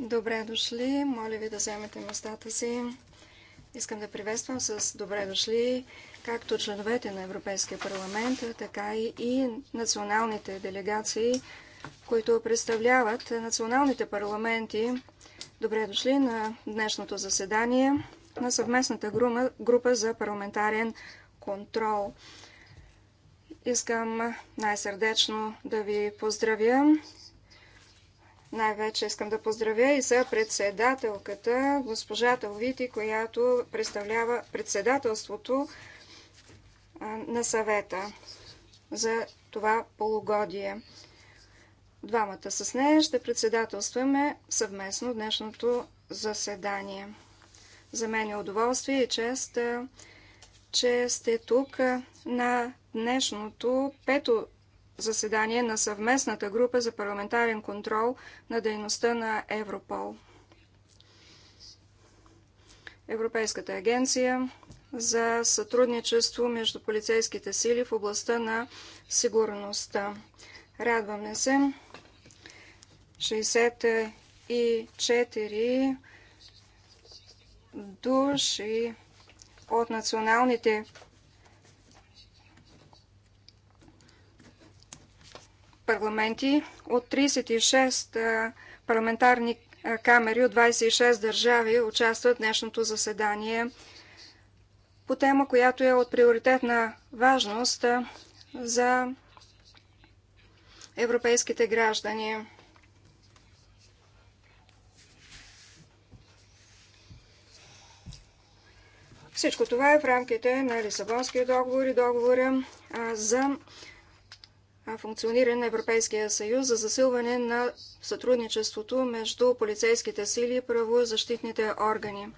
Добре дошли. Моля ви да вземете местата си. Искам да приветствам с добре дошли както членовете на Европейския парламент, така и националните делегации, които представляват националните парламенти. Добре дошли на днешното заседание на съвместната група, група за парламентарен контрол. Искам най-сърдечно да ви поздравя най-вече искам да поздравя и за председателката, госпожата Вити, която представлява председателството на съвета за това полугодие. Двамата с нея ще председателстваме съвместно днешното заседание. За мен е удоволствие и чест, че сте тук на днешното пето заседание на съвместната група за парламентарен контрол на дейността на Европол. Европейската агенция за сътрудничество между полицейските сили в областта на сигурността. Радваме се. 64 души от националните парламенти от 36 парламентарни камери от 26 държави участват в днешното заседание по тема, която е от приоритетна важност за европейските граждани. Всичко това е в рамките на Лисабонския договор и договора за функциониране на Европейския съюз за засилване на сътрудничеството между полицейските сили и правозащитните органи.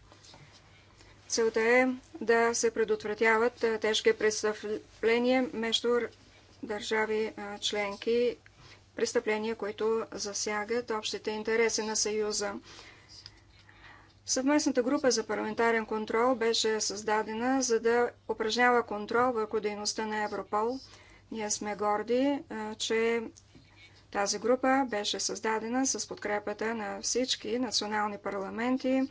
Целта е да се предотвратяват тежки престъпления между държави членки, престъпления, които засягат общите интереси на Съюза. Съвместната група за парламентарен контрол беше създадена за да упражнява контрол върху дейността на Европол – ние сме горди, че тази група беше създадена с подкрепата на всички национални парламенти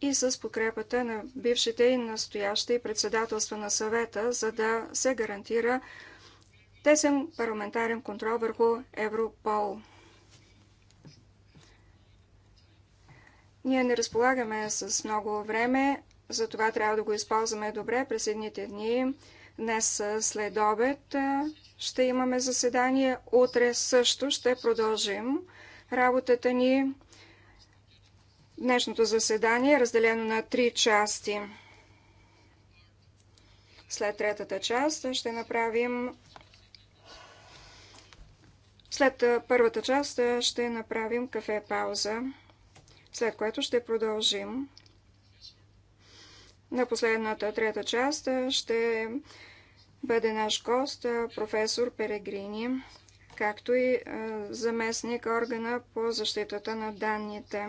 и с подкрепата на бившите и настоящи председателства на съвета, за да се гарантира тесен парламентарен контрол върху Европол. Ние не разполагаме с много време, затова трябва да го използваме добре през едните дни. Днес след обед ще имаме заседание. Утре също ще продължим работата ни. Днешното заседание е разделено на три части. След третата част ще направим. След първата част ще направим кафе пауза, след което ще продължим. На последната трета част ще бъде наш гост професор Перегрини, както и заместник органа по защитата на данните.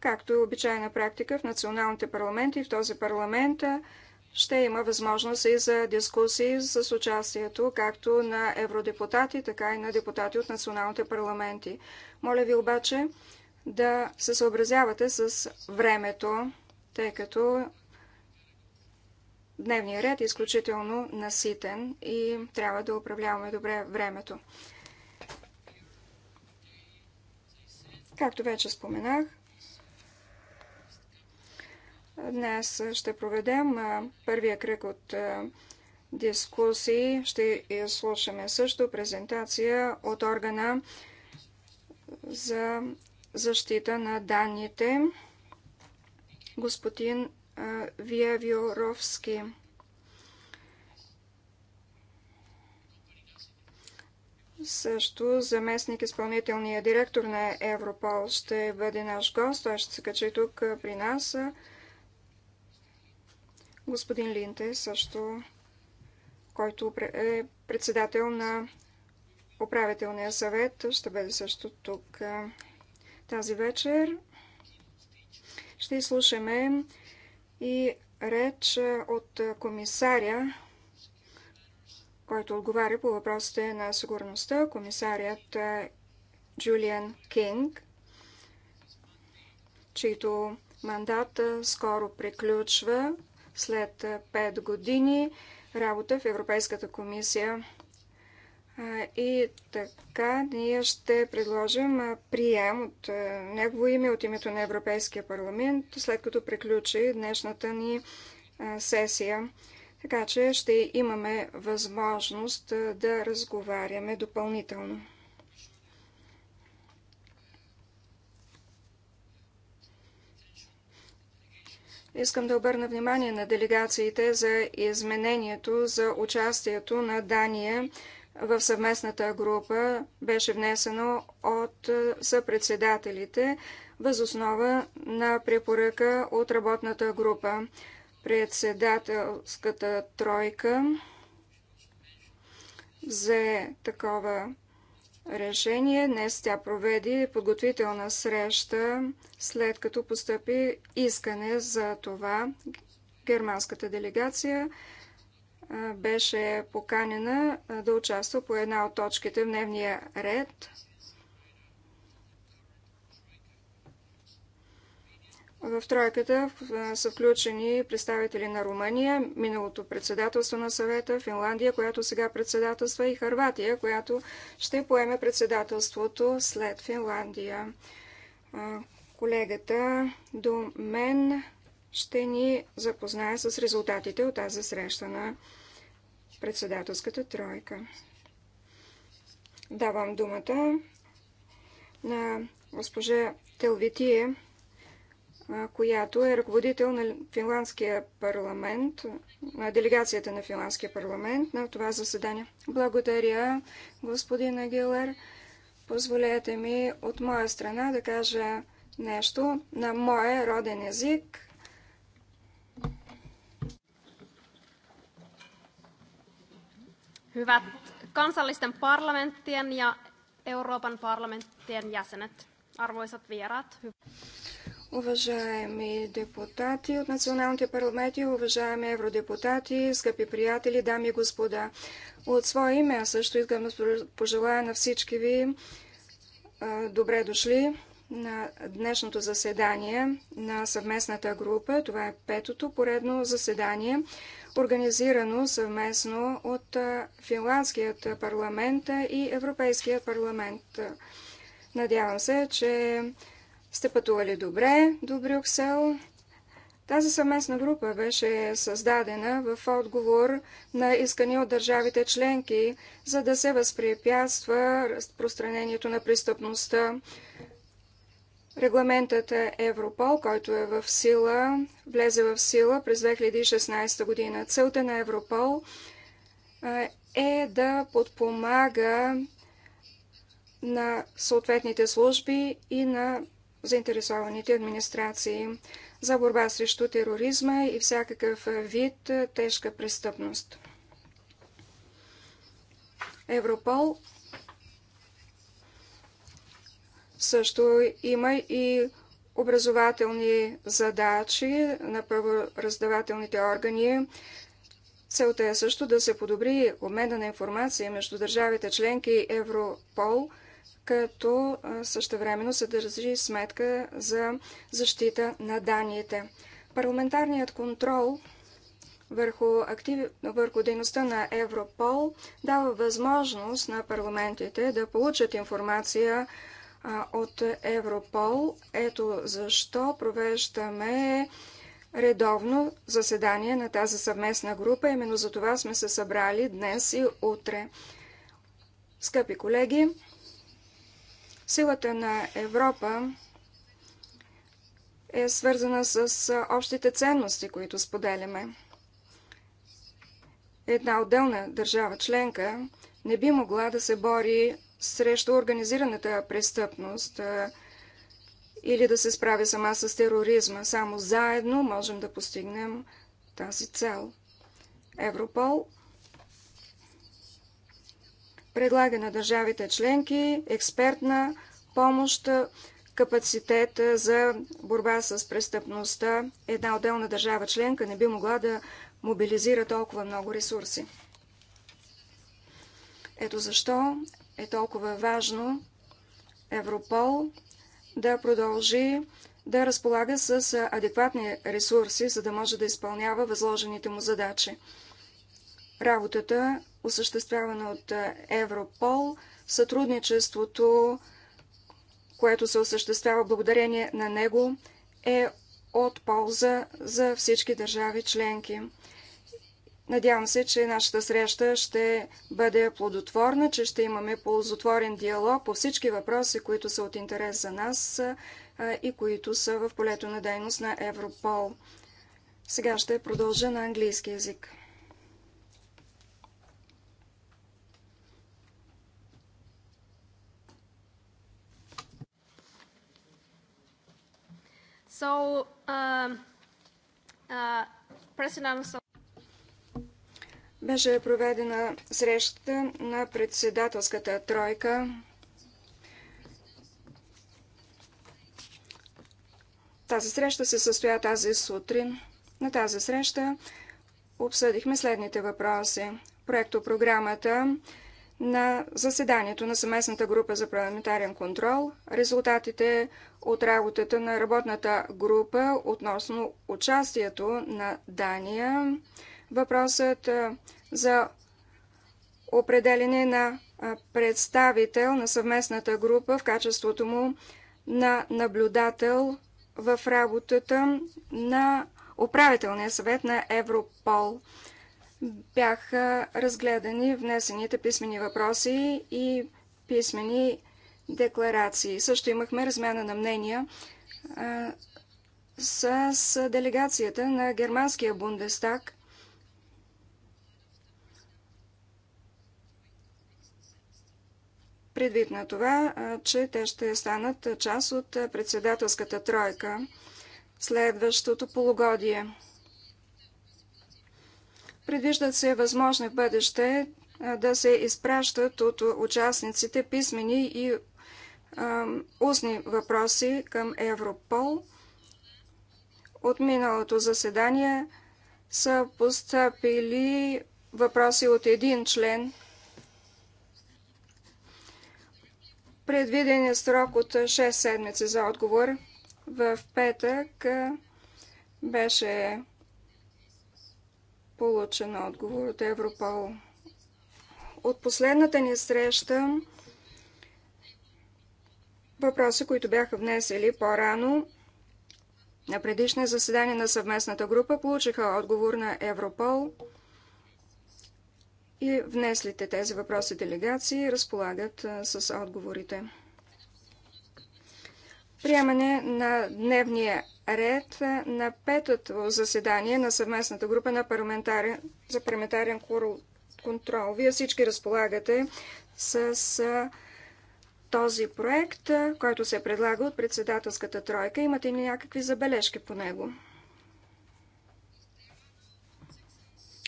Както е обичайна практика в националните парламенти и в този парламент, ще има възможност и за дискусии с участието както на евродепутати, така и на депутати от националните парламенти. Моля ви обаче да се съобразявате с времето, тъй като дневният ред е изключително наситен и трябва да управляваме добре времето. Както вече споменах, Днес ще проведем първия кръг от дискусии. Ще слушаме също презентация от органа за защита на данните господин Виавиоровски. Също заместник изпълнителния директор на Европол ще бъде наш гост. Той ще се качи тук при нас господин Линте, е също, който е председател на управителния съвет, ще бъде също тук тази вечер. Ще изслушаме и реч от комисаря, който отговаря по въпросите на сигурността, комисарият Джулиан Кинг, чийто мандат скоро приключва след 5 години работа в Европейската комисия. И така ние ще предложим прием от негово име, от името на Европейския парламент, след като приключи днешната ни сесия. Така че ще имаме възможност да разговаряме допълнително. Искам да обърна внимание на делегациите за изменението за участието на Дания в съвместната група беше внесено от е, съпредседателите възоснова на препоръка от работната група. Председателската тройка взе такова решение. Днес тя проведе подготвителна среща, след като постъпи искане за това. Германската делегация беше поканена да участва по една от точките в дневния ред – В тройката са включени представители на Румъния, миналото председателство на съвета, Финландия, която сега председателства, и Харватия, която ще поеме председателството след Финландия. Колегата до мен ще ни запознае с резултатите от тази среща на председателската тройка. Давам думата на госпожа Телвитие която е ръководител на финландския парламент, на делегацията на финландския парламент на това заседание. Благодаря, господин Агилер. Позволете ми от моя страна да кажа нещо на моя роден език. Hyvät kansallisten parlamenttien ja Euroopan parlamenttien jäsenet, arvoisat vieraat. Уважаеми депутати от националните парламенти, уважаеми евродепутати, скъпи приятели, дами и господа, от свое име аз също искам да пожелая на всички ви добре дошли на днешното заседание на съвместната група. Това е петото поредно заседание, организирано съвместно от Финландският парламент и Европейският парламент. Надявам се, че сте пътували добре до Брюксел. Тази съвместна група беше създадена в отговор на искани от държавите членки, за да се възпрепятства разпространението на престъпността. Регламентът Европол, който е в сила, влезе в сила през 2016 година. Целта на Европол е да подпомага на съответните служби и на заинтересованите администрации за борба срещу тероризма и всякакъв вид тежка престъпност. Европол също има и образователни задачи на правораздавателните органи. Целта е също да се подобри обмена на информация между държавите членки Европол – като същевременно се държи сметка за защита на данните. Парламентарният контрол върху, актив... върху дейността на Европол дава възможност на парламентите да получат информация от Европол. Ето защо провеждаме редовно заседание на тази съвместна група. Именно за това сме се събрали днес и утре. Скъпи колеги, Силата на Европа е свързана с общите ценности, които споделяме. Една отделна държава членка не би могла да се бори срещу организираната престъпност или да се справи сама с тероризма. Само заедно можем да постигнем тази цел. Европол предлага на държавите членки експертна помощ, капацитет за борба с престъпността. Една отделна държава членка не би могла да мобилизира толкова много ресурси. Ето защо е толкова важно Европол да продължи да разполага с адекватни ресурси, за да може да изпълнява възложените му задачи. Работата осъществявана от е, Европол, сътрудничеството, което се осъществява благодарение на него, е от полза за всички държави членки. Надявам се, че нашата среща ще бъде плодотворна, че ще имаме ползотворен диалог по всички въпроси, които са от интерес за нас е, и които са в полето на дейност на Европол. Сега ще продължа на английски язик. So, uh, uh, president... Беше проведена среща на председателската тройка. Тази среща се състоя тази сутрин. На тази среща обсъдихме следните въпроси. Проектопрограмата програмата на заседанието на съместната група за парламентарен контрол, резултатите от работата на работната група относно участието на Дания, въпросът за определене на представител на съвместната група в качеството му на наблюдател в работата на управителния съвет на Европол бяха разгледани внесените писмени въпроси и писмени декларации. Също имахме размяна на мнения а, с делегацията на германския Бундестаг. Предвид на това, а, че те ще станат част от председателската тройка следващото полугодие. Предвиждат се възможни в бъдеще да се изпращат от участниците писмени и устни въпроси към Европол. От миналото заседание са поступили въпроси от един член. Предвиден е срок от 6 седмици за отговор. В петък беше получен отговор от Европол. От последната ни среща въпроси, които бяха внесели по-рано на предишне заседание на съвместната група, получиха отговор на Европол и внеслите тези въпроси делегации разполагат с отговорите приемане на дневния ред на петото заседание на съвместната група на парламентарен, за парламентарен контрол. Вие всички разполагате с този проект, който се предлага от председателската тройка. Имате ли някакви забележки по него?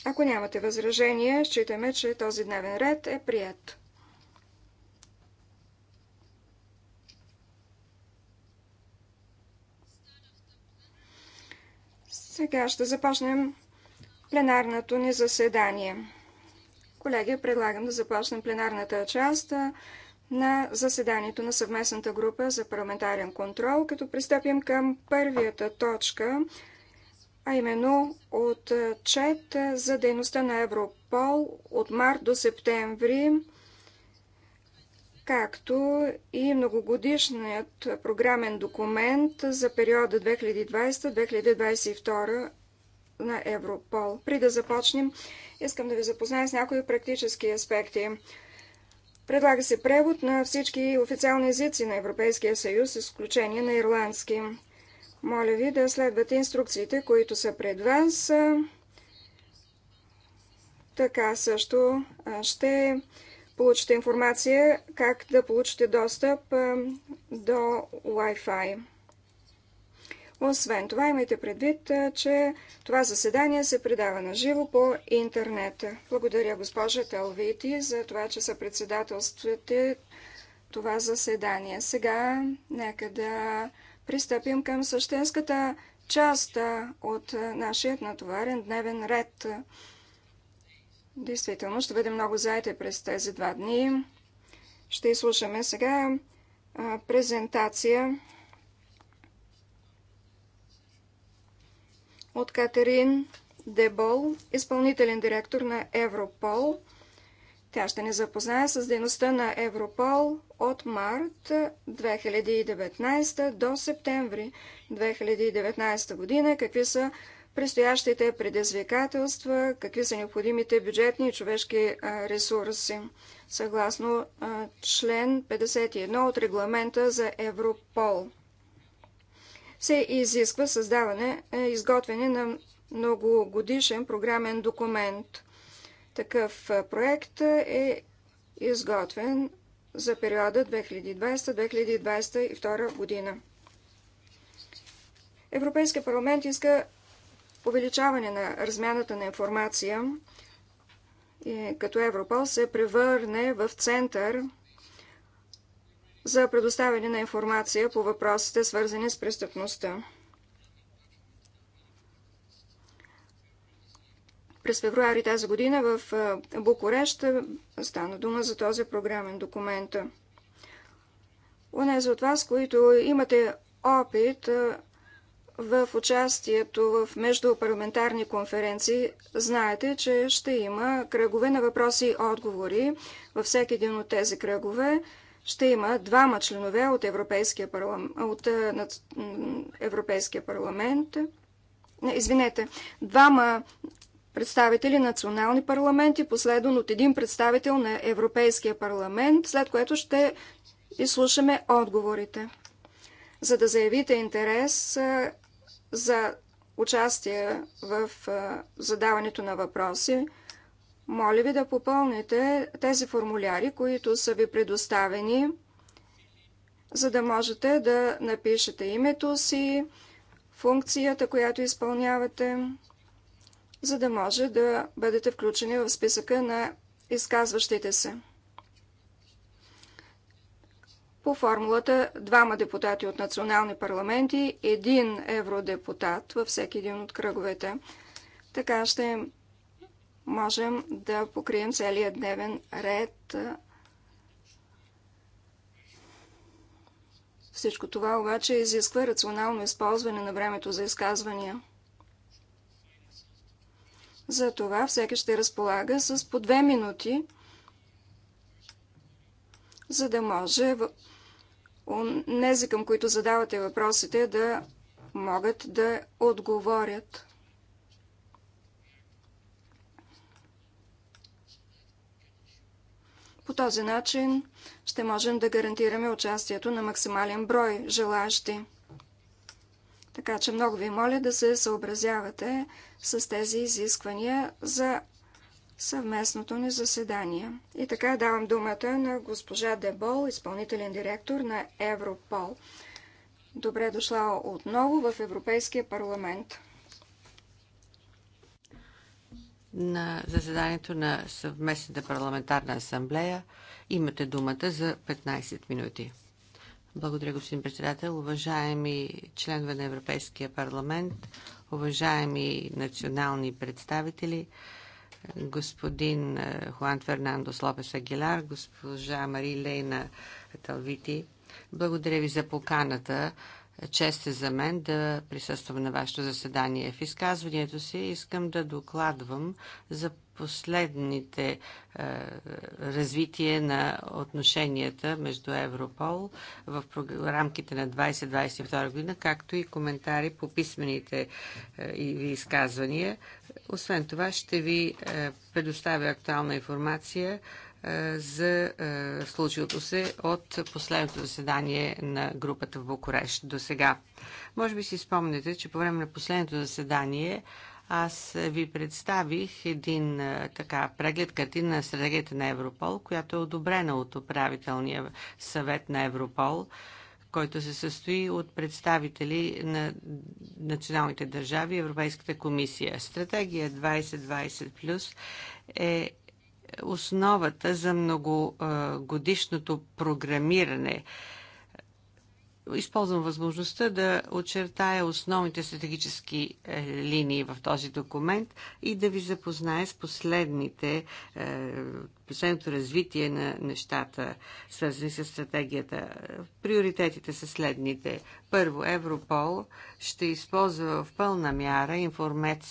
Ако нямате възражение, считаме, че този дневен ред е прият. Сега ще започнем пленарното ни заседание. Колеги, предлагам да започнем пленарната част на заседанието на съвместната група за парламентарен контрол, като пристъпим към първията точка, а именно отчет за дейността на Европол от март до септември както и многогодишният програмен документ за периода 2020-2022 на Европол. При да започнем, искам да ви запозная с някои практически аспекти. Предлага се превод на всички официални езици на Европейския съюз, с изключение на ирландски. Моля ви да следвате инструкциите, които са пред вас. Така също ще получите информация как да получите достъп до Wi-Fi. Освен това, имайте предвид, че това заседание се предава на живо по интернет. Благодаря госпожа Телвити за това, че са председателствате това заседание. Сега нека да пристъпим към същенската част от нашия натоварен дневен ред – Действително ще бъдем много заети през тези два дни. Ще изслушаме сега презентация от Катерин Дебол, изпълнителен директор на Европол. Тя ще ни запознае с дейността на Европол от март 2019 до септември 2019 година, какви са предстоящите предизвикателства, какви са необходимите бюджетни и човешки ресурси, съгласно член 51 от регламента за Европол. Се изисква създаване, е, изготвяне на многогодишен програмен документ. Такъв проект е изготвен за периода 2020-2022 година. Европейския парламент иска увеличаване на размяната на информация, като Европол се превърне в център за предоставяне на информация по въпросите, свързани с престъпността. През февруари тази година в Букурещ стана дума за този програмен документ. Унези от вас, които имате опит в участието в междупарламентарни конференции знаете, че ще има кръгове на въпроси и отговори. Във всеки един от тези кръгове ще има двама членове от Европейския парламент, от, Европейския парламент не, извинете, двама представители национални парламенти, последван от един представител на Европейския парламент, след което ще изслушаме отговорите. За да заявите интерес, за участие в задаването на въпроси. Моля ви да попълните тези формуляри, които са ви предоставени, за да можете да напишете името си, функцията, която изпълнявате, за да може да бъдете включени в списъка на изказващите се по формулата двама депутати от национални парламенти, един евродепутат във всеки един от кръговете. Така ще можем да покрием целият дневен ред. Всичко това обаче изисква рационално използване на времето за изказвания. За това всеки ще разполага с по две минути, за да може нези, към които задавате въпросите, да могат да отговорят. По този начин ще можем да гарантираме участието на максимален брой желащи. Така че много ви моля да се съобразявате с тези изисквания за съвместното ни заседание. И така давам думата на госпожа Дебол, изпълнителен директор на Европол. Добре дошла отново в Европейския парламент. На заседанието на съвместната парламентарна асамблея имате думата за 15 минути. Благодаря, господин председател. Уважаеми членове на Европейския парламент, уважаеми национални представители, господин е, Хуан Фернандо Слопес Агилар, госпожа Мари Лейна Талвити. Благодаря ви за поканата. Чест е за мен да присъствам на вашето заседание. В изказването си искам да докладвам за последните е, развитие на отношенията между Европол в рамките на 2022 година, както и коментари по писмените е, ви изказвания. Освен това ще ви е, предоставя актуална информация е, за е, случилото се от последното заседание на групата в Букурещ до сега. Може би си спомнете, че по време на последното заседание аз ви представих един така преглед картина на стратегията на Европол, която е одобрена от управителния съвет на Европол, който се състои от представители на националните държави и Европейската комисия. Стратегия 2020 плюс е основата за многогодишното програмиране използвам възможността да очертая основните стратегически е, линии в този документ и да ви запозная с последните, е, последното развитие на нещата, свързани с стратегията. Приоритетите са следните. Първо, Европол ще използва в пълна мяра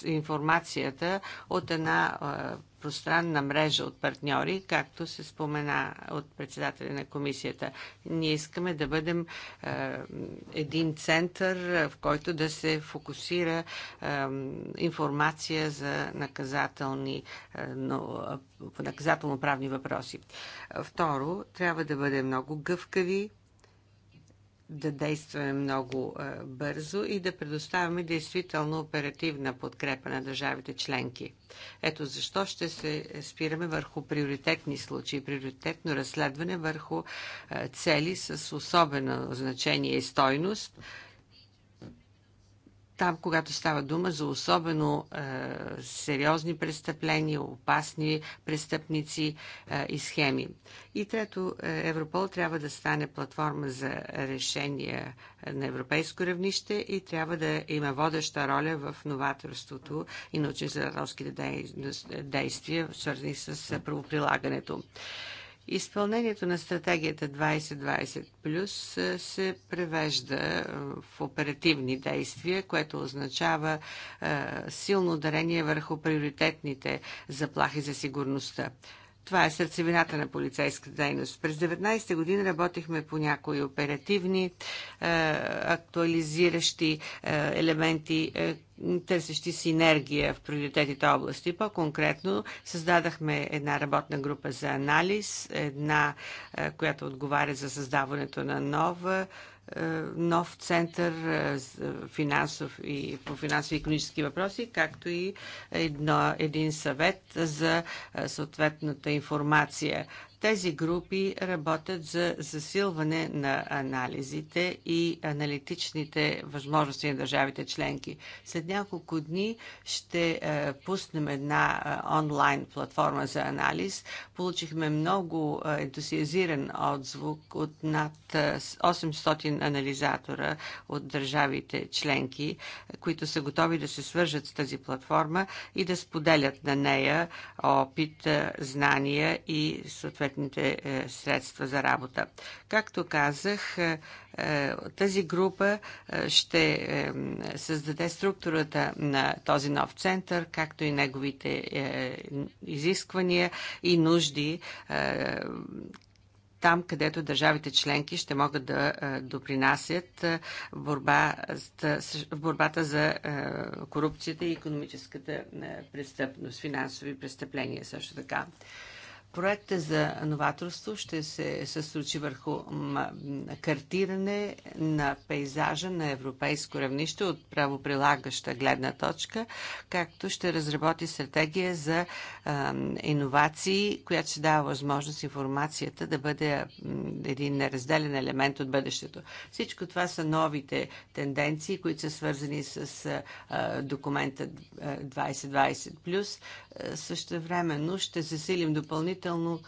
информацията от една е, пространна мрежа от партньори, както се спомена от председателя на комисията. Ние искаме да бъдем е, един център, в който да се фокусира е, информация за наказателни, е, но, е, наказателно-правни въпроси. Второ, трябва да бъдем много гъвкави да действаме много е, бързо и да предоставяме действително оперативна подкрепа на държавите членки. Ето защо ще се спираме върху приоритетни случаи, приоритетно разследване върху е, цели с особено значение и стойност – там, когато става дума за особено е, сериозни престъпления, опасни престъпници е, и схеми. И трето, е, Европол трябва да стане платформа за решения на европейско равнище и трябва да има водеща роля в новаторството и научно-изследователските действия, свързани с правоприлагането. Изпълнението на стратегията 2020 плюс се превежда в оперативни действия, което означава силно ударение върху приоритетните заплахи за сигурността. Това е сърцевината на полицейската дейност. През 19-та година работихме по някои оперативни, е, актуализиращи е, елементи, е, търсещи синергия в приоритетите области. По-конкретно създадахме една работна група за анализ, една, е, която отговаря за създаването на нова е, нов център е, е, финансов и по финансови и економически въпроси, както и едно, един съвет за съответната информация. Тези групи работят за засилване на анализите и аналитичните възможности на държавите членки. След няколко дни ще е, пуснем една е, онлайн платформа за анализ. Получихме много е, ентусиазиран отзвук от над 800 анализатора от държавите членки, които са готови да се свържат с тази платформа и да споделят на нея опит, знания и съответно съответните е, средства за работа. Както казах, е, е, тази група ще създаде структурата на този нов център, както и неговите изисквания и нужди, там, където държавите членки ще могат да допринасят в борбата за корупцията и економическата престъпност, финансови престъпления също така. Проектът за новаторство ще се съсручи върху картиране на пейзажа на европейско равнище от правоприлагаща гледна точка, както ще разработи стратегия за иновации, която ще дава възможност информацията да бъде един неразделен елемент от бъдещето. Всичко това са новите тенденции, които са свързани с документа 2020+. Също времено ще засилим допълнително включително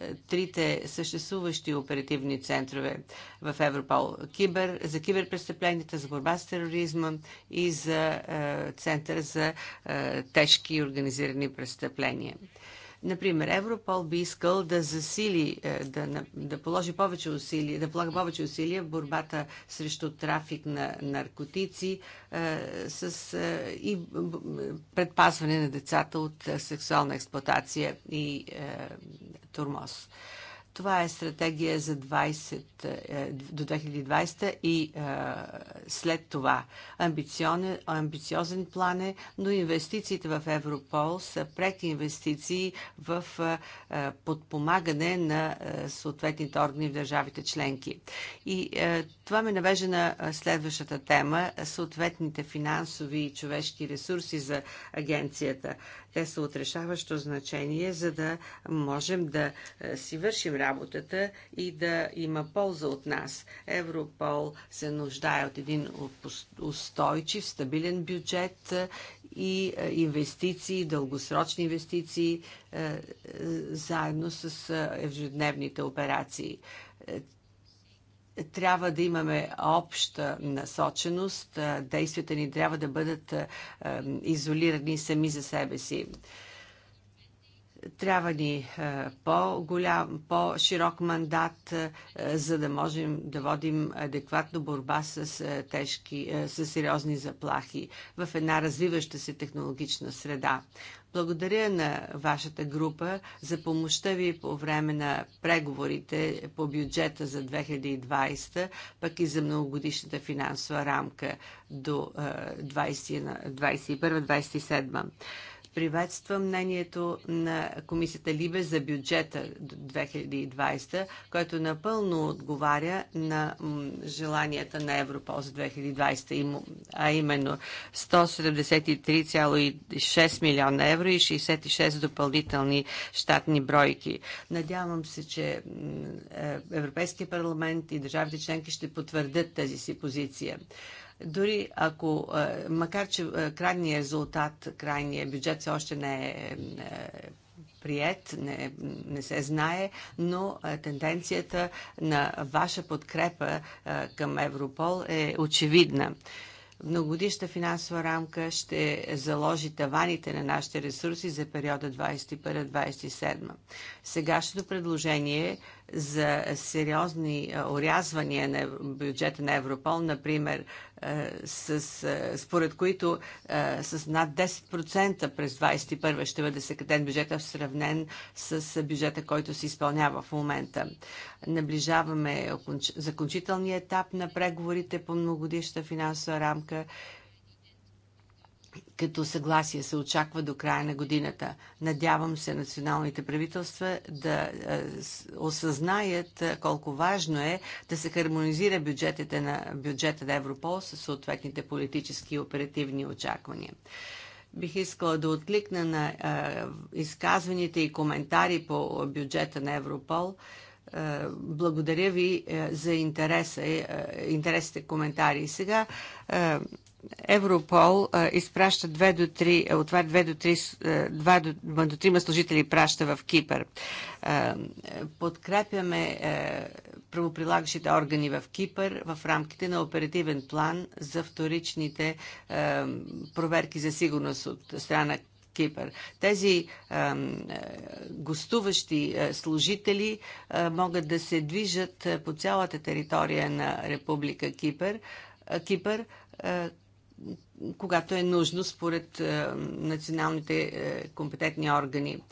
е, трите съществуващи оперативни центрове в Европол. Кибер, за киберпрестъпленията, за борба с тероризма и за е, Център за е, тежки и организирани престъпления. Например, Европол би искал да засили, е, да, да положи повече усилия, да полага повече усилия в борбата срещу трафик на наркотици е, с, е, и предпазване на децата от е, сексуална експлоатация и е, турмоз. Това е стратегия за 20, е, до 2020 и а, е, след това. Амбициозен, план е, но инвестициите в Европол са преки инвестиции в а, е, подпомагане на а, съответните органи в държавите членки. И а, това ме навежда на следващата тема съответните финансови и човешки ресурси за агенцията. Те са отрешаващо значение, за да можем да е, си вършим работата и да има полза от нас. Европол се нуждае от един устойчив, стабилен бюджет е, и е, инвестиции, дългосрочни инвестиции, заедно с ежедневните операции трябва да имаме обща насоченост. Действията ни трябва да бъдат изолирани сами за себе си. Трябва ни по-голям, по-широк мандат, за да можем да водим адекватно борба с тежки, с сериозни заплахи в една развиваща се технологична среда. Благодаря на вашата група за помощта ви по време на преговорите по бюджета за 2020, пък и за многогодишната финансова рамка до 2021-2027. Приветства мнението на комисията Либе за бюджета 2020, който напълно отговаря на желанията на Европол за 2020, а именно 173,6 милиона евро и 66 допълнителни щатни бройки. Надявам се, че е, Европейския парламент и държавите членки ще потвърдят тази си позиция. Дори ако, е, макар че е, крайният резултат, крайният бюджет все още не е, е прият, не, не се знае, но тенденцията на ваша подкрепа към Европол е очевидна многогодишна финансова рамка ще заложи таваните на нашите ресурси за периода 2021-2027. Сегашното предложение за сериозни орязвания на бюджета на Европол, например, с, според които с над 10% през 2021 ще бъде съкратен бюджета в сравнен с бюджета, който се изпълнява в момента. Наближаваме закончителния етап на преговорите по многогодишната финансова рамка като съгласие се очаква до края на годината. Надявам се националните правителства да е, осъзнаят е, колко важно е да се хармонизира бюджетите на, бюджета на Европол с съответните политически и оперативни очаквания. Бих искала да откликна на е, изказваните и коментари по бюджета на Европол. Благодаря ви за интереса, интересите коментари. Сега Европол а, изпраща 2 до 3, е, от 2 до 3, 2 е, до, до 3 служители праща в Кипър. А, подкрепяме е, правоприлагащите органи в Кипър в рамките на оперативен план за вторичните а, проверки за сигурност от страна Кипър. Тези а, гостуващи служители а, могат да се движат по цялата територия на Република Кипър, Кипър когато е нужно според е, националните е, компетентни органи.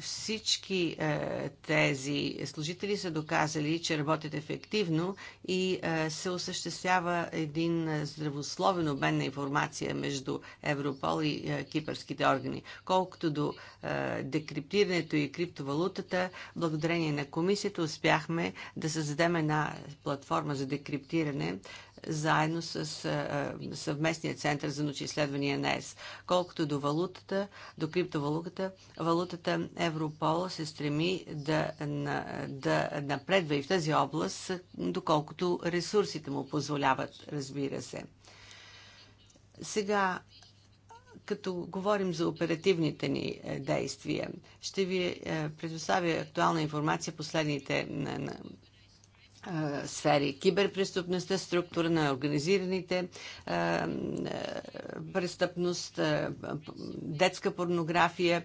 Всички е, тези служители са доказали, че работят ефективно и се осъществява един здравословен обмен на информация между Европол и кипърските органи. Колкото до декриптирането и криптовалутата, благодарение на комисията успяхме да създадем една платформа за декриптиране, заедно с съвместния център за научни изследвания на ЕС. Колкото до валутата, до криптовалутата, валутата Европол се стреми да, да напредва и в тази област, доколкото ресурсите му позволяват, разбира се. Сега като говорим за оперативните ни е, действия, ще ви е, предоставя актуална информация последните сфери. киберпреступността, структура на организираните престъпност, детска порнография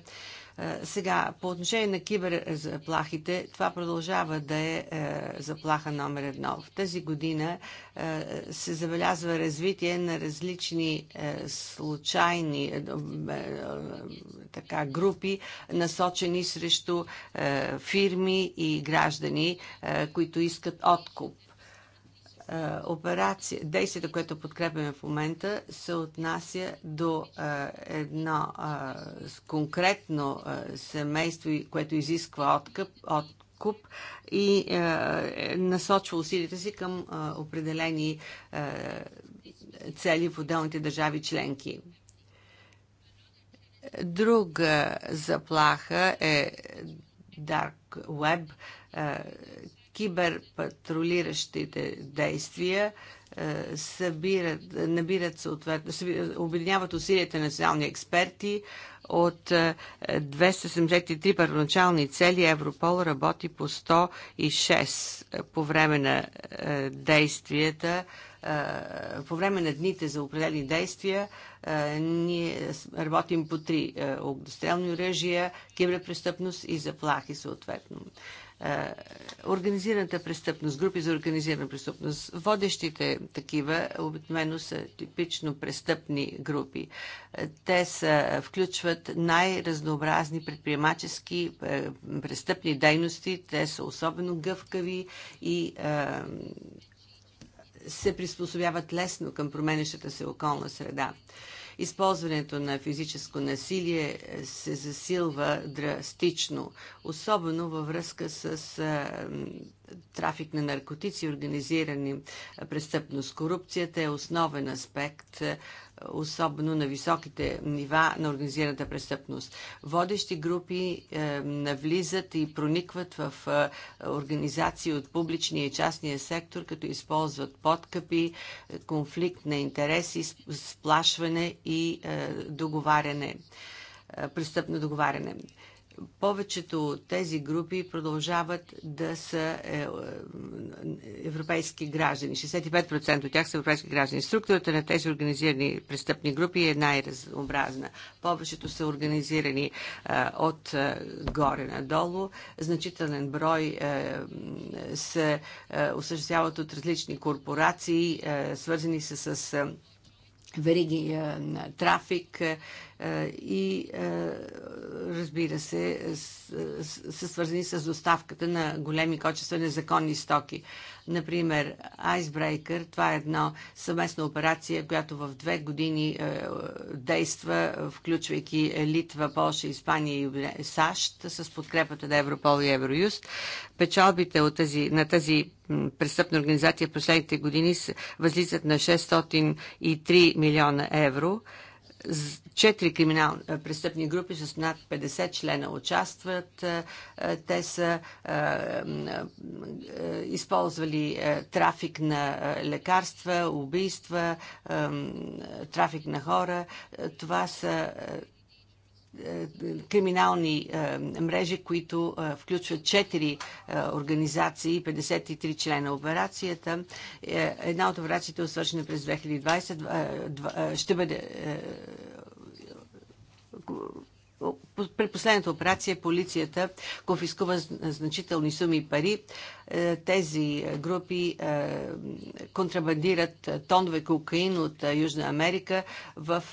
сега, по отношение на киберзаплахите, това продължава да е, е заплаха номер едно. В тази година е, се забелязва развитие на различни е, случайни така, групи, насочени срещу фирми и граждани, които искат откуп е, операция, действието, което подкрепяме в момента, се отнася до е, едно е, конкретно семейство, което изисква откъп, откуп и насочва усилията си към определени цели в отделните държави членки. Друга заплаха е Dark Web, киберпатрулиращите действия е, събират, набират съответно, обединяват усилията на национални експерти от 273 е, първоначални цели Европол работи по 106 по време на е, действията, по време на дните за определени действия. Ние работим по три огнестрелни оръжия, киберпрестъпност и заплахи съответно. Организираната престъпност, групи за организирана престъпност, водещите такива обикновено са типично престъпни групи. Те са, включват най-разнообразни предприемачески е, престъпни дейности. Те са особено гъвкави и се приспособяват лесно към променещата се околна среда. Използването на физическо насилие е, се засилва драстично, особено във връзка с е, трафик на наркотици организирани е, престъпност. Корупцията е основен аспект особено на високите нива на организираната престъпност. Водещи групи е, навлизат и проникват в е, организации от публичния и частния сектор, като използват подкъпи, е, конфликт на интереси, сплашване и договаряне престъпно договаряне повечето от тези групи продължават да са е, е, европейски граждани. 65% от тях са европейски граждани. Структурата на тези организирани престъпни групи е най-разнообразна. Повечето са организирани е, от горе надолу. Значителен брой се осъществяват от различни корпорации, свързани са с вериги на трафик и разбира се са свързани с доставката на големи кочества незаконни стоки. Например, Icebreaker, това е една съвместна операция, която в две години действа, включвайки Литва, Польша, Испания и САЩ с подкрепата на Европол и Евроюст. Печалбите от тази, на тази престъпна организация в последните години възлизат на 603 милиона евро четири криминални е, престъпни групи с над 50 члена участват. Е, е, те са използвали трафик на лекарства, убийства, трафик на хора. Това са е, криминални е, мрежи, които е, включват 4 организации, 53 члена операцията. Една от операциите, свършена през 2020, ще бъде при последната операция полицията конфискува значителни суми пари. Е, тези групи е, контрабандират тонове кокаин от е, Южна Америка. В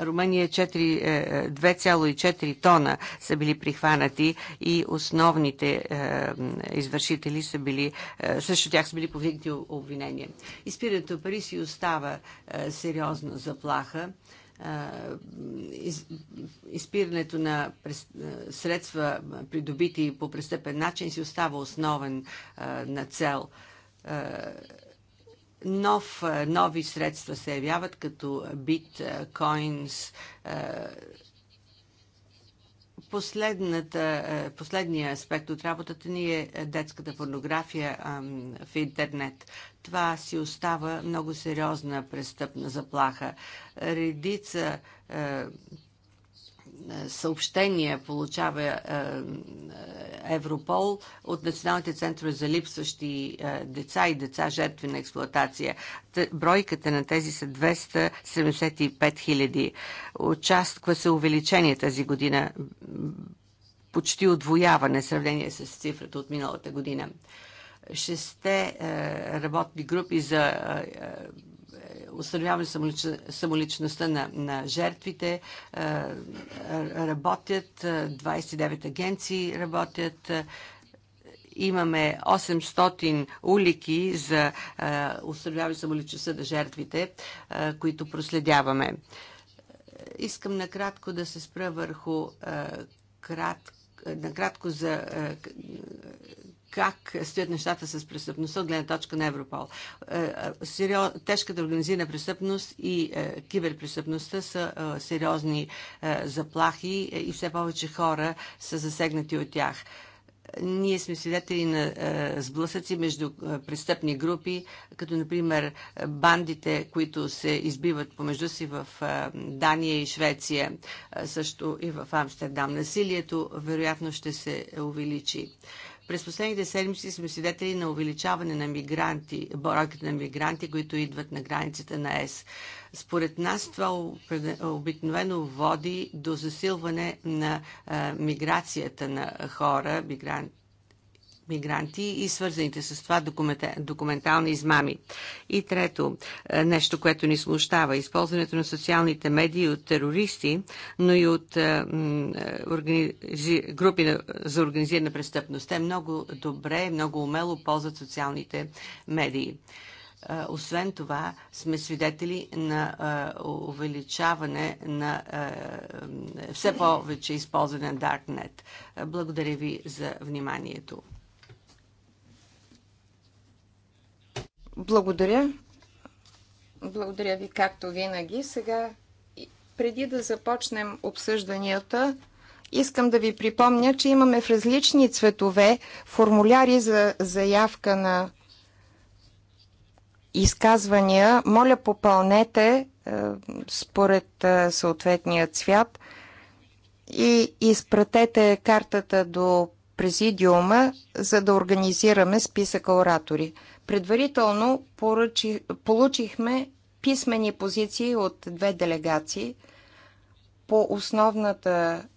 Румъния 2,4 тона са били прихванати и основните извършители са били, също тях са били повдигнати обвинения. Изпирането пари си остава сериозна заплаха из, изпирането на средства, придобити по престъпен начин, си остава основен на цел нов, нови средства се явяват, като бит, Последната, последния аспект от работата ни е детската порнография в интернет това си остава много сериозна престъпна заплаха. Редица е, е, съобщения получава е, Европол от националните центрове за липсващи деца и деца жертви на експлоатация. Бройката на тези са 275 хиляди. Участква се увеличение тази година почти отвояване в сравнение с цифрата от миналата година шесте е, работни групи за е, е, установяване самоличността на, на жертвите. Работят, 29 агенции работят. Имаме 800 улики за установяване самоличността на жертвите, които проследяваме. Искам накратко да се спра върху кратко накратко за как стоят нещата с престъпността от гледна точка на Европол. Е, е, Тежката организирана престъпност и е, киберпрестъпността са сериозни заплахи и все повече хора са засегнати от тях ние сме свидетели на сблъсъци между престъпни групи, като например бандите, които се избиват помежду си в Дания и Швеция, също и в Амстердам. Насилието вероятно ще се увеличи. През последните седмици сме свидетели на увеличаване на мигранти, бройката на мигранти, които идват на границата на ЕС. Според нас това обикновено води до засилване на миграцията на хора, мигранти мигранти и свързаните с това документа, документални измами. И трето, е, нещо, което ни смущава, използването на социалните медии от терористи, но и от е, организи, групи за организирана престъпност. Те много добре, много умело ползват социалните медии. Е, освен това, сме свидетели на увеличаване на все повече използване на Darknet. Благодаря ви за вниманието. Благодаря. Благодаря ви, както винаги. Сега, преди да започнем обсъжданията, искам да ви припомня, че имаме в различни цветове формуляри за заявка на изказвания. Моля, попълнете е, според е, съответния цвят и изпратете картата до президиума, за да организираме списъка оратори. Предварително поръчи, получихме писмени позиции от две делегации по основната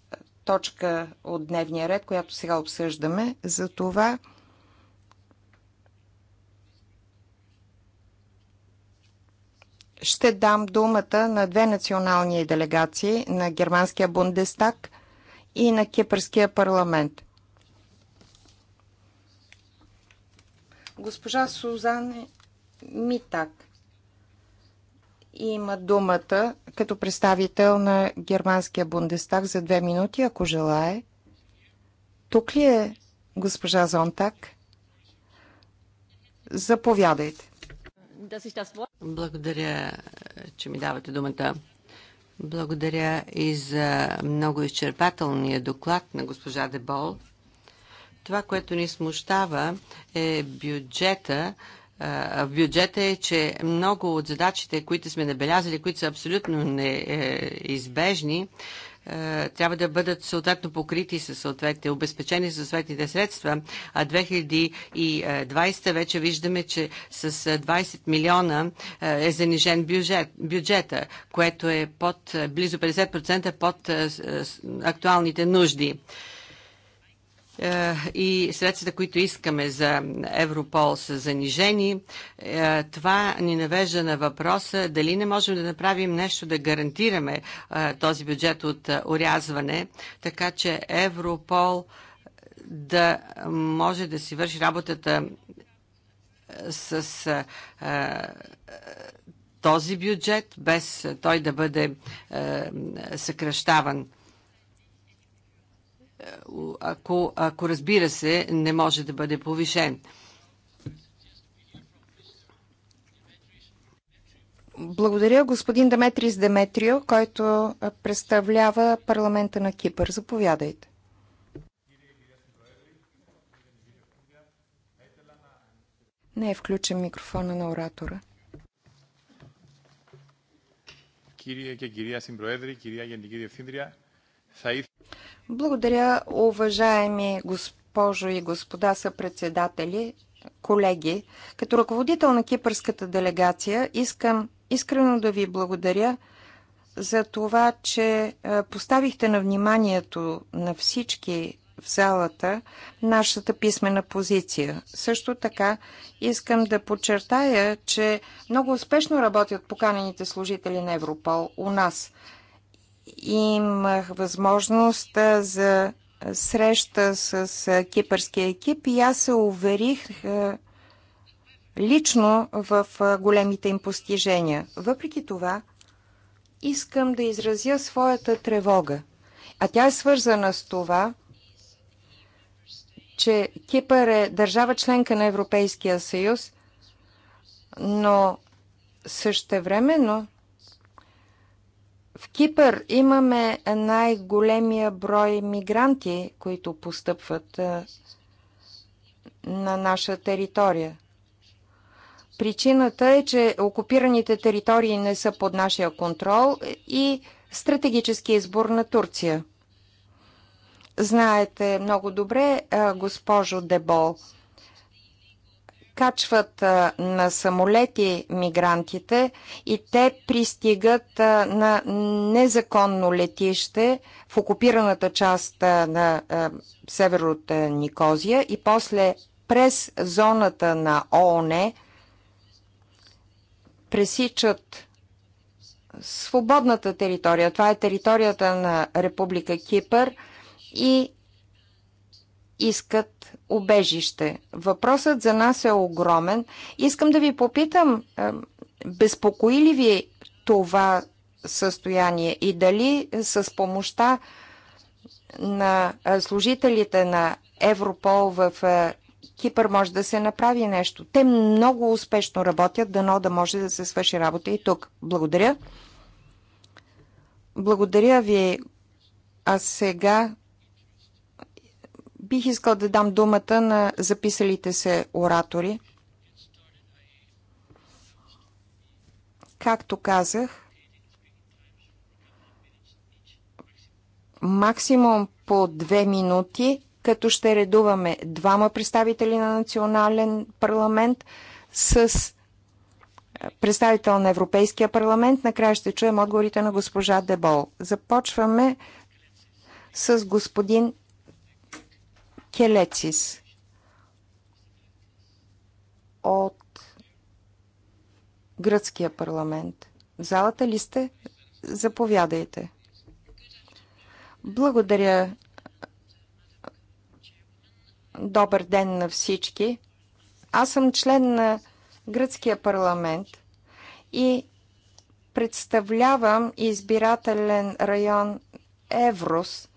точка от дневния ред, която сега обсъждаме, за това ще дам думата на две национални делегации на Германския Бундестаг и на Кипърския парламент. Госпожа Сузан Митак има думата като представител на германския Бундестаг за две минути, ако желае. Тук ли е госпожа Зонтак? Заповядайте. Благодаря, че ми давате думата. Благодаря и за много изчерпателния доклад на госпожа Дебол. Това, което ни смущава е бюджета, в бюджета е, че много от задачите, които сме набелязали, които са абсолютно неизбежни, е, е, трябва да бъдат съответно покрити със съответните, обезпечени със съответните средства, а 2020 вече виждаме, че с 20 е, милиона е занижен бюджет, бюджета, което е под близо 50% под актуалните нужди. Е, и средствата, които искаме за Европол са занижени. Е, това ни навежда на въпроса дали не можем да направим нещо да гарантираме е, този бюджет от урязване, така че Европол да може да си върши работата с този бюджет, без той да бъде съкръщаван е, ако, ако разбира се, не може да бъде повишен. Благодаря господин Деметрис Деметрио, който е, представлява парламента на Кипър. Заповядайте. Не е включен микрофона на оратора. Кирия и кирия Συμπροέδρη, кирия Γενική Διευθύντρια, благодаря, уважаеми госпожо и господа съпредседатели, колеги. Като ръководител на кипърската делегация искам искрено да ви благодаря за това, че е, поставихте на вниманието на всички в залата нашата писмена позиция. Също така искам да подчертая, че много успешно работят поканените служители на Европол у нас. Имах възможност за среща с кипърския екип и аз се уверих лично в големите им постижения. Въпреки това, искам да изразя своята тревога. А тя е свързана с това, че Кипър е държава членка на Европейския съюз, но същевременно в Кипър имаме най-големия брой мигранти, които постъпват на наша територия. Причината е, че окупираните територии не са под нашия контрол и стратегически избор на Турция. Знаете много добре, госпожо Дебол, качват на самолети мигрантите и те пристигат на незаконно летище в окупираната част на север Никозия и после през зоната на ООН пресичат свободната територия. Това е територията на Република Кипър и искат убежище. Въпросът за нас е огромен. Искам да ви попитам, е, безпокои ли ви това състояние и дали с помощта на е, служителите на Европол в е, Кипър може да се направи нещо. Те много успешно работят, дано да може да се свърши работа и тук. Благодаря. Благодаря ви. А сега Бих искал да дам думата на записалите се оратори. Както казах, максимум по две минути, като ще редуваме двама представители на национален парламент с е, представител на Европейския парламент. Накрая ще чуем отговорите на госпожа Дебол. Започваме с господин Келецис от гръцкия парламент. В залата ли сте? Заповядайте. Благодаря. Добър ден на всички. Аз съм член на гръцкия парламент и представлявам избирателен район Еврос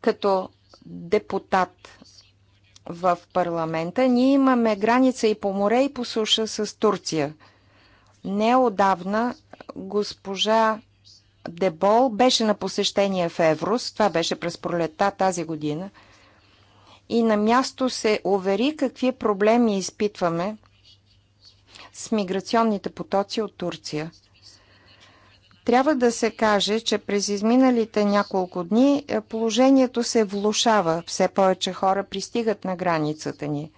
като депутат в парламента. Ние имаме граница и по море, и по суша с Турция. Неодавна госпожа Дебол беше на посещение в Еврос, това беше през пролета тази година, и на място се увери какви проблеми изпитваме с миграционните потоци от Турция. Трябва да се каже, че през изминалите няколко дни е, положението се влушава. Все повече хора пристигат на границата ни.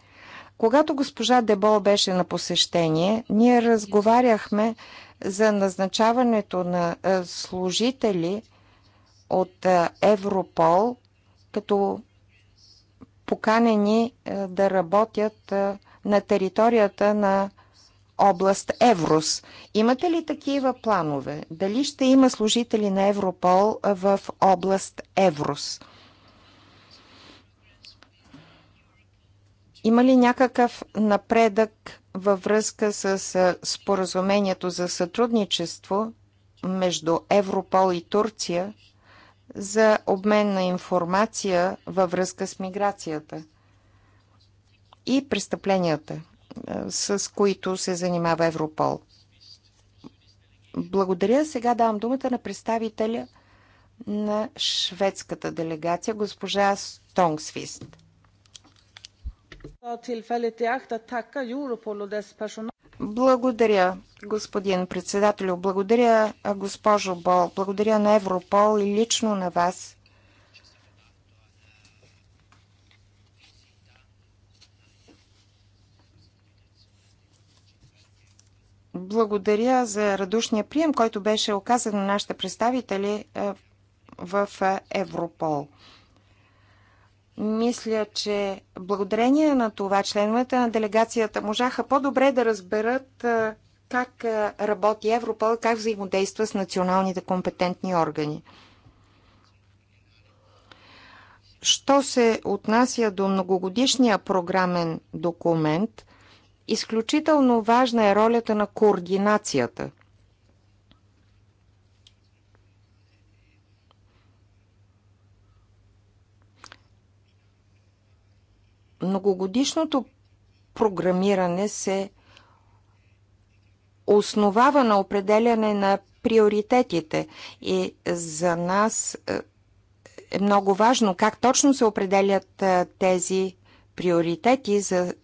Когато госпожа Дебол беше на посещение, ние разговаряхме за назначаването на е, служители от е, Европол като поканени да работят на територията на област Еврос. Имате ли такива планове? Дали ще има служители на Европол в област Еврос? Има ли някакъв напредък във връзка с споразумението за сътрудничество между Европол и Турция за обмен на информация във връзка с миграцията и престъпленията? с които се занимава Европол. Благодаря. Сега давам думата на представителя на шведската делегация, госпожа Стонгсвист. Благодаря, господин председател, Благодаря, госпожо Бол. Благодаря на Европол и лично на вас Благодаря за радушния прием, който беше оказан на нашите представители е, в е, Европол. Мисля, че благодарение на това членовете на делегацията можаха по-добре да разберат е, как работи Европол, как взаимодейства с националните компетентни органи. Що се отнася до многогодишния програмен документ – Изключително важна е ролята на координацията. Многогодишното програмиране се основава на определяне на приоритетите и за нас е, е много важно как точно се определят е, тези приоритети, за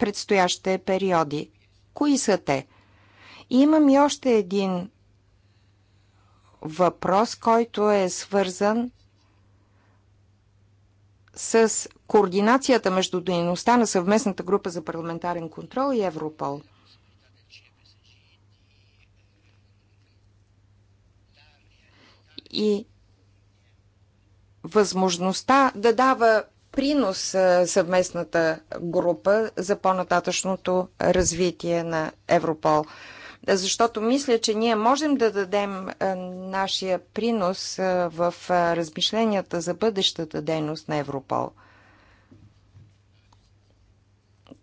предстоящите периоди. Кои са те? И имам и още един въпрос, който е свързан с координацията между дейността на съвместната група за парламентарен контрол и Европол. И възможността да дава принос съвместната група за по-нататъчното развитие на Европол. Защото мисля, че ние можем да дадем нашия принос в размишленията за бъдещата дейност на Европол.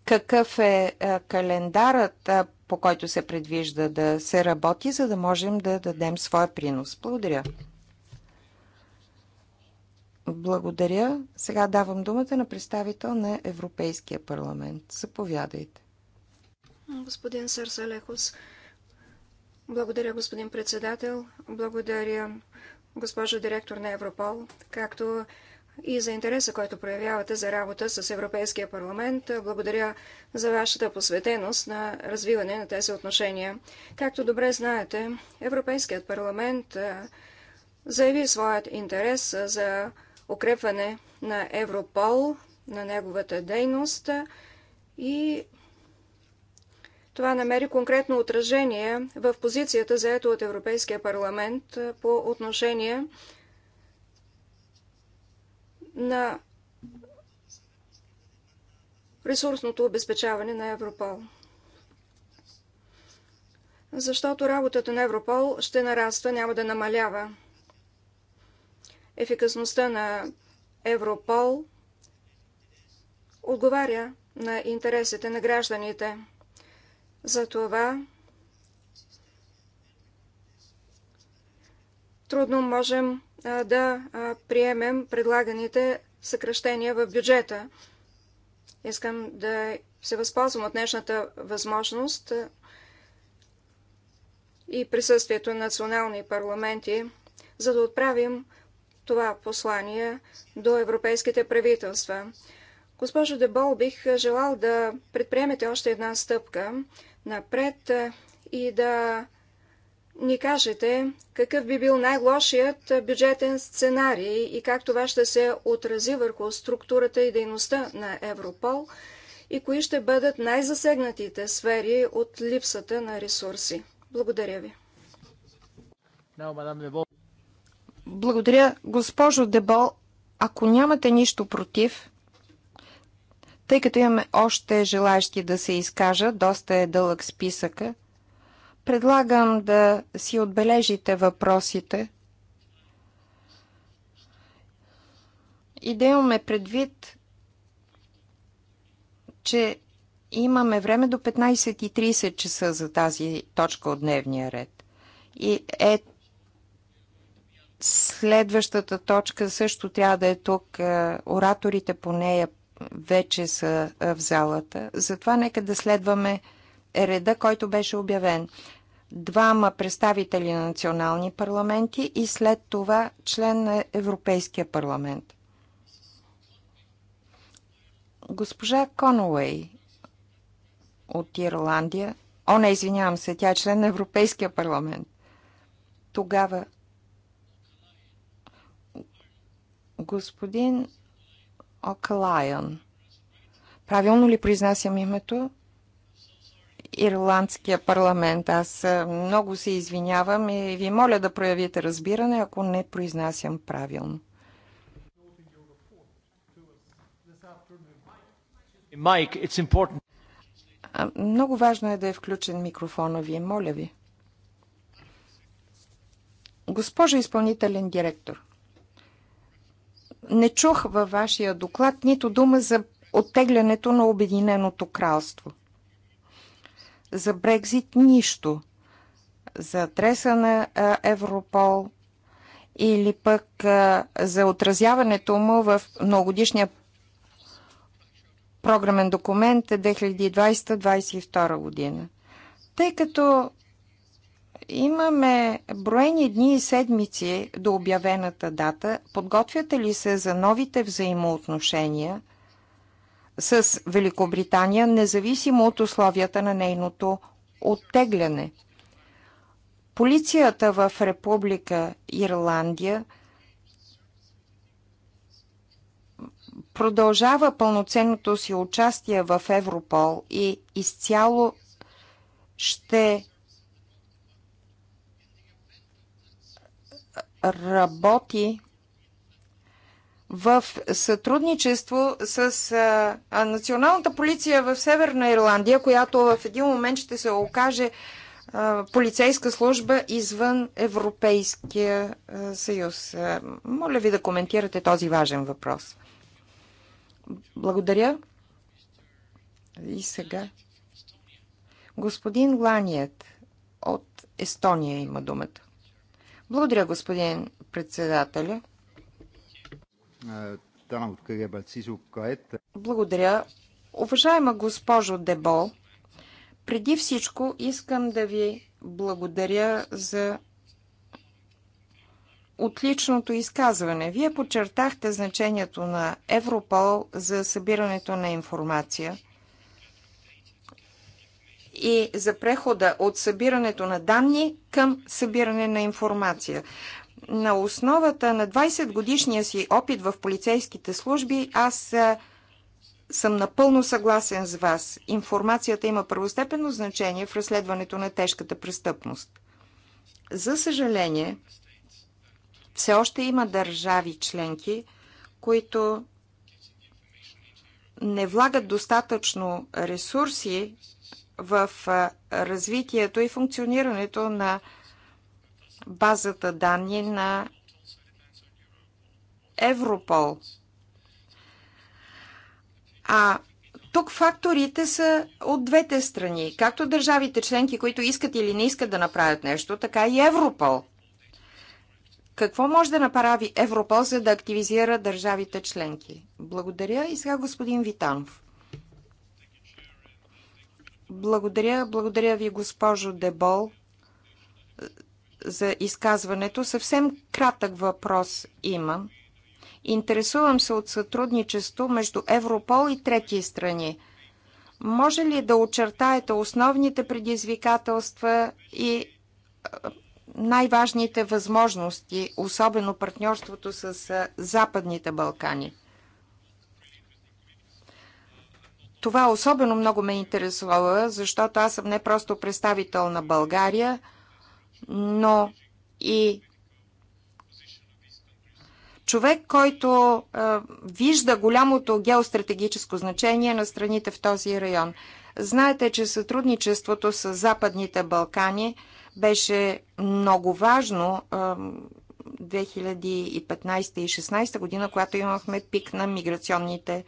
Какъв е календарът, по който се предвижда да се работи, за да можем да дадем своя принос? Благодаря. Благодаря. Сега давам думата на представител на Европейския парламент. Заповядайте. Господин Сарсалехос, благодаря, господин председател. Благодаря, госпожо директор на Европол, както и за интереса, който проявявате за работа с Европейския парламент. Благодаря за вашата посветеност на развиване на тези отношения. Както добре знаете, Европейският парламент заяви своят интерес за укрепване на Европол, на неговата дейност и това намери конкретно отражение в позицията, заето от Европейския парламент по отношение на ресурсното обезпечаване на Европол. Защото работата на Европол ще нараства, няма да намалява ефикасността на Европол отговаря на интересите на гражданите. Затова трудно можем да приемем предлаганите съкръщения в бюджета. Искам да се възползвам от днешната възможност и присъствието на национални парламенти, за да отправим това послание до европейските правителства. Госпожо Дебол, бих желал да предприемете още една стъпка напред и да ни кажете какъв би бил най-лошият бюджетен сценарий и как това ще се отрази върху структурата и дейността на Европол и кои ще бъдат най-засегнатите сфери от липсата на ресурси. Благодаря ви. Благодаря, госпожо Дебол. Ако нямате нищо против, тъй като имаме още желаящи да се изкажа, доста е дълъг списъка, предлагам да си отбележите въпросите и да имаме предвид, че имаме време до 15.30 часа за тази точка от дневния ред. И е Следващата точка също трябва да е тук. Е, ораторите по нея вече са е, в залата. Затова нека да следваме реда, който беше обявен. Двама представители на национални парламенти и след това член на Европейския парламент. Госпожа Конуей от Ирландия. О, не, извинявам се, тя е член на Европейския парламент. Тогава Господин Окалайон. Правилно ли произнасям името? Ирландския парламент. Аз много се извинявам и ви моля да проявите разбиране, ако не произнасям правилно. Майк, it's important. Много важно е да е включен микрофона ви, моля ви. Госпожо изпълнителен директор, не чух във вашия доклад нито дума за оттеглянето на Обединеното кралство. За Брекзит нищо. За адреса на Европол или пък за отразяването му в многогодишния програмен документ 2020-2022 година. Тъй като Имаме броени дни и седмици до обявената дата. Подготвяте ли се за новите взаимоотношения с Великобритания, независимо от условията на нейното оттегляне? Полицията в Република Ирландия продължава пълноценното си участие в Европол и изцяло ще работи в сътрудничество с а, националната полиция в Северна Ирландия, която в един момент ще се окаже а, полицейска служба извън Европейския а, съюз. А, моля ви да коментирате този важен въпрос. Благодаря. И сега. Господин Ланият от Естония има думата. Благодаря, господин председателя. Благодаря. Уважаема госпожо Дебол, преди всичко искам да ви благодаря за отличното изказване. Вие подчертахте значението на Европол за събирането на информация и за прехода от събирането на данни към събиране на информация. На основата на 20 годишния си опит в полицейските служби аз съм напълно съгласен с вас. Информацията има първостепенно значение в разследването на тежката престъпност. За съжаление, все още има държави членки, които не влагат достатъчно ресурси в развитието и функционирането на базата данни на Европол. А тук факторите са от двете страни. Както държавите членки, които искат или не искат да направят нещо, така и Европол. Какво може да направи Европол, за да активизира държавите членки? Благодаря и сега господин Витанов. Благодаря, благодаря ви, госпожо Дебол, за изказването. Съвсем кратък въпрос имам. Интересувам се от сътрудничество между Европол и трети страни. Може ли да очертаете основните предизвикателства и най-важните възможности, особено партньорството с Западните Балкани? Това особено много ме интересува, защото аз съм не просто представител на България, но и човек, който а, вижда голямото геостратегическо значение на страните в този район. Знаете, че сътрудничеството с Западните Балкани беше много важно а, 2015 и 2016 година, когато имахме пик на миграционните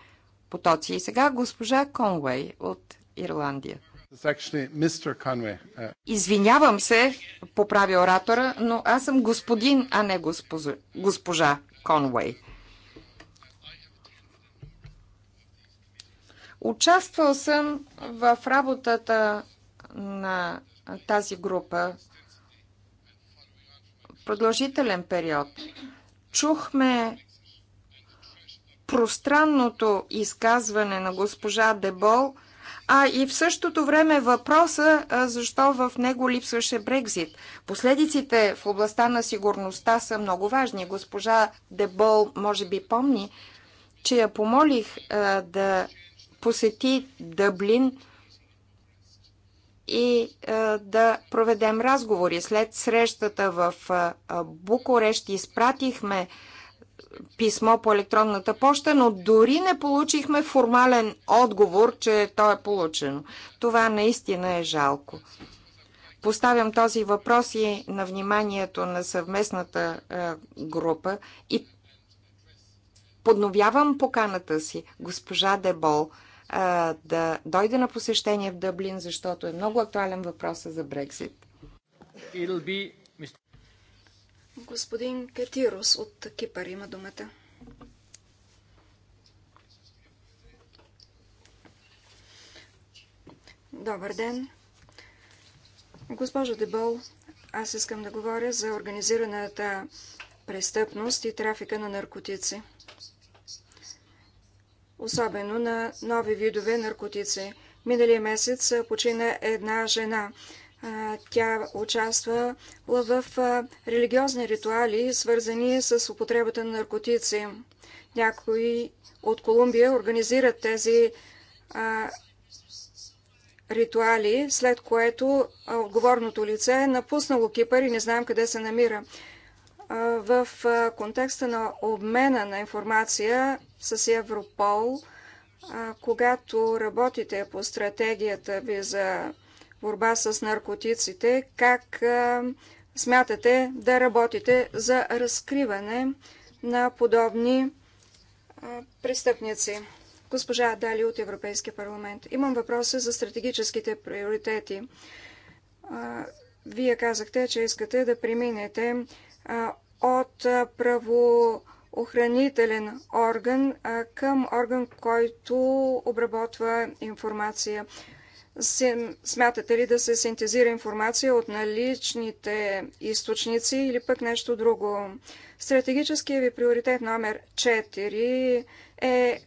потоци. И сега госпожа Конвей от Ирландия. Uh, Извинявам се, поправи оратора, но аз съм господин, а не госпожа, госпожа Конвей. Участвал съм в работата на тази група в продължителен период. Чухме пространното изказване на госпожа Дебол, а и в същото време въпроса защо в него липсваше Брекзит. Последиците в областта на сигурността са много важни. Госпожа Дебол може би помни, че я помолих а, да посети Дъблин и а, да проведем разговори. След срещата в а, Букурещ изпратихме а, писмо по електронната поща, но дори не получихме формален отговор, че то е получено. Това наистина е жалко. Поставям този въпрос и на вниманието на съвместната група и подновявам поканата си госпожа Дебол да дойде на посещение в Дъблин, защото е много актуален въпрос за Брексит. It'll be Господин Кетирос от Кипър има думата. Добър ден! Госпожо Дебол, аз искам да говоря за организираната престъпност и трафика на наркотици. Особено на нови видове наркотици. Миналия месец почина една жена тя участва в религиозни ритуали, свързани с употребата на наркотици. Някои от Колумбия организират тези ритуали, след което отговорното лице е напуснало Кипър и не знаем къде се намира. В контекста на обмена на информация с Европол, когато работите по стратегията ви за борба с наркотиците, как смятате да работите за разкриване на подобни престъпници? Госпожа Дали от Европейския парламент. Имам въпроси за стратегическите приоритети. Вие казахте, че искате да преминете от правоохранителен орган към орган, който обработва информация. Смятате ли да се синтезира информация от наличните източници или пък нещо друго? Стратегическия ви приоритет номер 4 е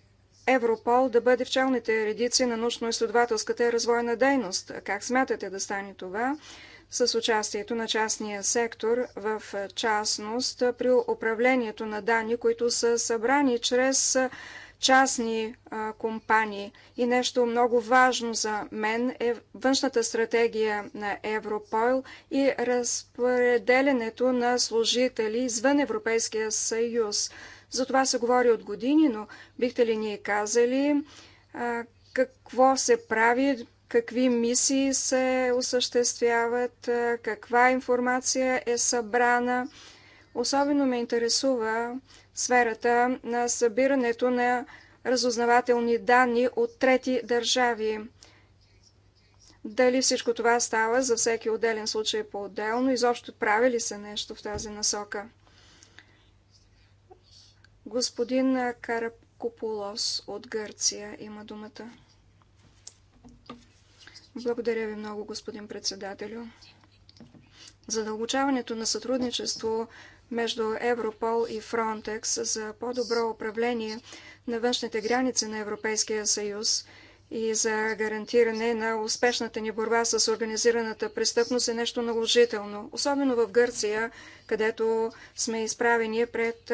Европол да бъде в челните редици на научно-изследователската и развойна дейност. Как смятате да стане това? С участието на частния сектор, в частност при управлението на данни, които са събрани чрез частни а, компании. И нещо много важно за мен е външната стратегия на Европойл и разпределенето на служители извън Европейския съюз. За това се говори от години, но бихте ли ни казали а, какво се прави, какви мисии се осъществяват, а, каква информация е събрана? Особено ме интересува сферата на събирането на разузнавателни данни от трети държави. Дали всичко това става за всеки отделен случай по-отделно? Изобщо прави ли се нещо в тази насока? Господин Каракополос от Гърция има думата. Благодаря ви много, господин председателю. Задълбочаването на сътрудничество между Европол и Фронтекс за по-добро управление на външните граници на Европейския съюз и за гарантиране на успешната ни борба с организираната престъпност е нещо наложително. Особено в Гърция, където сме изправени пред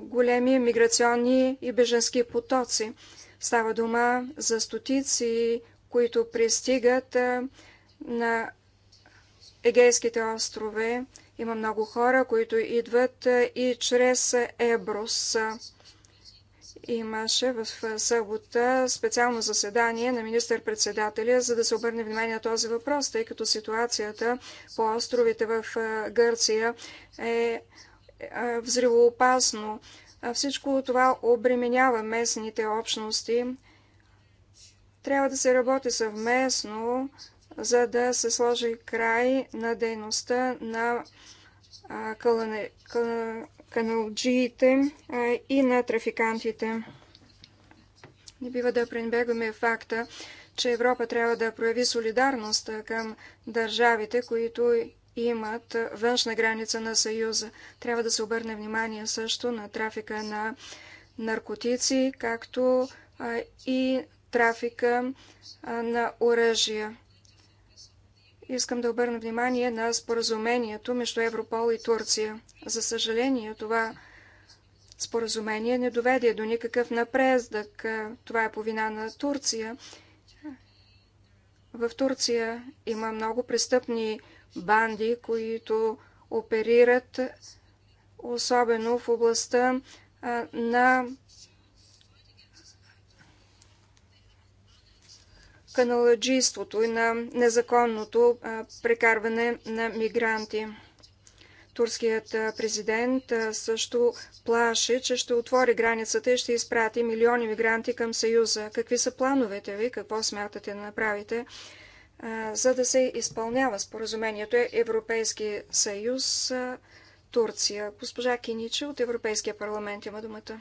големи миграционни и беженски потоци. Става дума за стотици, които пристигат на Егейските острове има много хора, които идват и чрез Еброс. Имаше в събота специално заседание на министър-председателя, за да се обърне внимание на този въпрос, тъй като ситуацията по островите в Гърция е, е взривоопасно. Всичко това обременява местните общности. Трябва да се работи съвместно за да се сложи край на дейността на каналджиите и на трафикантите. Не бива да пренебрегваме факта, че Европа трябва да прояви солидарност към държавите, които имат външна граница на Съюза. Трябва да се обърне внимание също на трафика на наркотици, както и трафика на оръжия. Искам да обърна внимание на споразумението между Европол и Турция. За съжаление, това споразумение не доведе до никакъв напрездък. Това е по вина на Турция. В Турция има много престъпни банди, които оперират особено в областта на каналаджийството и на незаконното прекарване на мигранти. Турският президент също плаши, че ще отвори границата и ще изпрати милиони мигранти към Съюза. Какви са плановете ви? Какво смятате да направите, за да се изпълнява споразумението е Европейски съюз Турция? Госпожа Киничи от Европейския парламент има думата.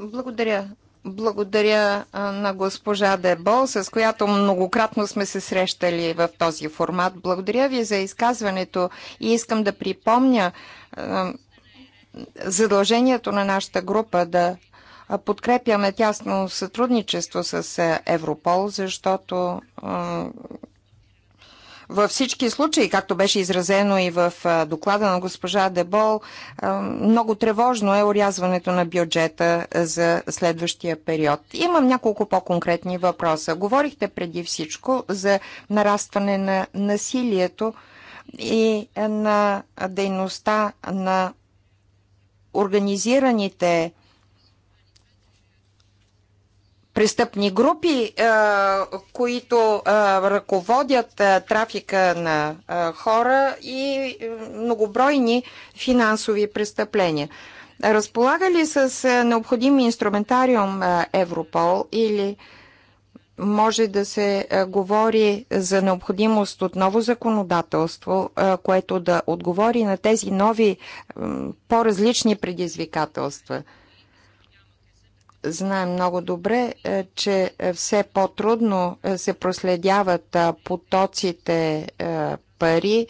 Благодаря. Благодаря на госпожа Дебол, с която многократно сме се срещали в този формат. Благодаря ви за изказването и искам да припомня задължението на нашата група да подкрепяме тясно сътрудничество с Европол, защото във всички случаи, както беше изразено и в доклада на госпожа Дебол, много тревожно е урязването на бюджета за следващия период. Имам няколко по-конкретни въпроса. Говорихте преди всичко за нарастване на насилието и на дейността на организираните престъпни групи, е, които е, ръководят е, трафика на хора и многобройни финансови престъпления. Разполага ли с необходим инструментариум Европол или може да се говори за необходимост от ново законодателство, което да отговори на тези нови, по-различни предизвикателства – знаем много добре, е, че все по-трудно е, се проследяват е, потоците пари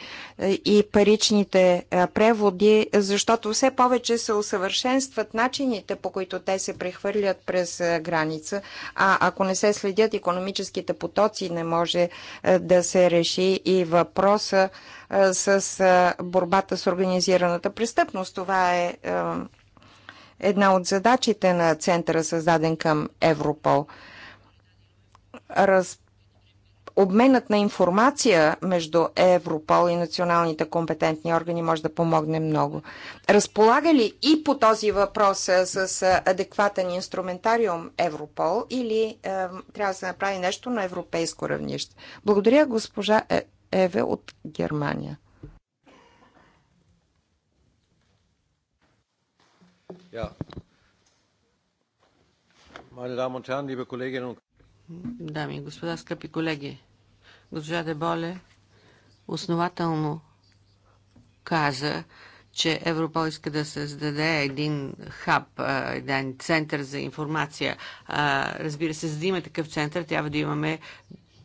и паричните преводи, защото все повече се усъвършенстват начините, по които те се прехвърлят през граница, а ако не се следят економическите потоци, не може да се реши и въпроса с борбата с организираната престъпност. Това е една от задачите на центъра, създаден към Европол. Раз... Обменът на информация между Европол и националните компетентни органи може да помогне много. Разполага ли и по този въпрос с адекватен инструментариум Европол или е, трябва да се направи нещо на европейско равнище? Благодаря госпожа е- Еве от Германия. Дами и господа, скъпи колеги, госпожа Деболе основателно каза, че Европол иска да създаде един хаб, един център за информация. Разбира се, за да има такъв център, трябва да имаме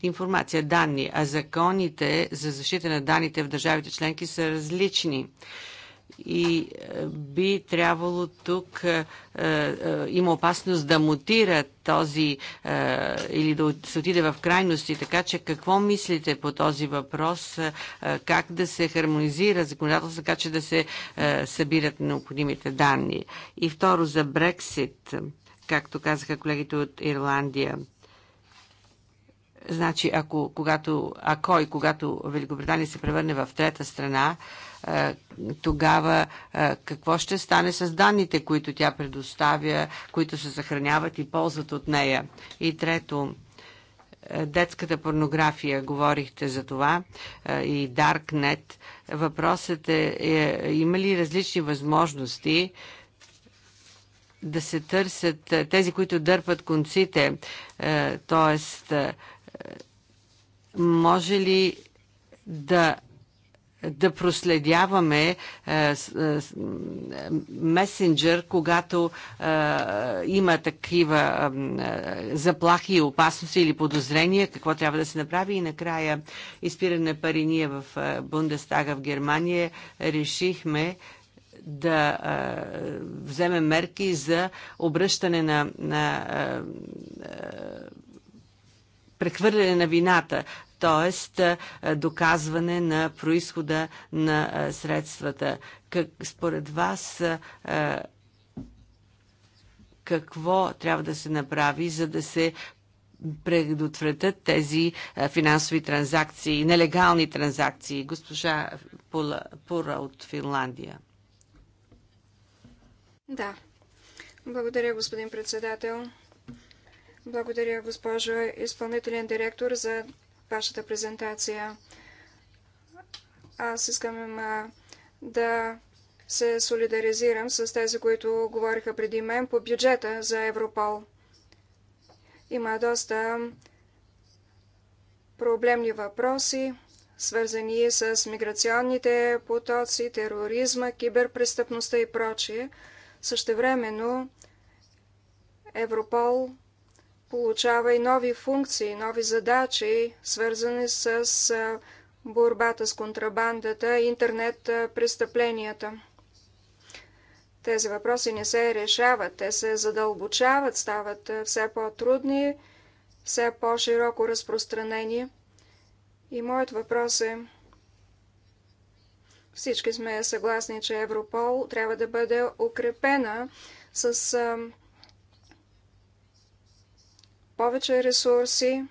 информация, данни, а законите за защита на данните в държавите членки са различни и е, би трябвало тук е, е, има опасност да мутира този е, или да се отиде в крайности. Така че какво мислите по този въпрос? Е, е, как да се хармонизира законодателство, така че да се събират необходимите данни? И второ за Брексит, както казаха колегите от Ирландия. Значи, ако, когато, ако и когато Великобритания се превърне в трета страна, тогава какво ще стане с данните, които тя предоставя, които се съхраняват и ползват от нея. И трето, детската порнография, говорихте за това, и Darknet. Въпросът е, е има ли различни възможности да се търсят тези, които дърпат конците, т.е. може ли да да проследяваме е, е, месенджер, когато е, има такива заплахи и опасности или подозрения, какво трябва да се направи. И накрая изпиране на пари ние в Бундестага в Германия решихме да а, вземе мерки за обръщане на, на а, прехвърляне на вината т.е. доказване на происхода на средствата. Как, според вас какво трябва да се направи, за да се предотвратят тези финансови транзакции, нелегални транзакции. Госпожа Пула, Пура от Финландия. Да. Благодаря, господин председател. Благодаря, госпожо изпълнителен директор, за вашата презентация. Аз искам да се солидаризирам с тези, които говориха преди мен по бюджета за Европол. Има доста проблемни въпроси, свързани с миграционните потоци, тероризма, киберпрестъпността и прочие. Същевременно Европол получава и нови функции, нови задачи, свързани с борбата с контрабандата и интернет престъпленията. Тези въпроси не се решават, те се задълбочават, стават все по-трудни, все по-широко разпространени. И моят въпрос е, всички сме съгласни, че Европол трябва да бъде укрепена с повече ресурси.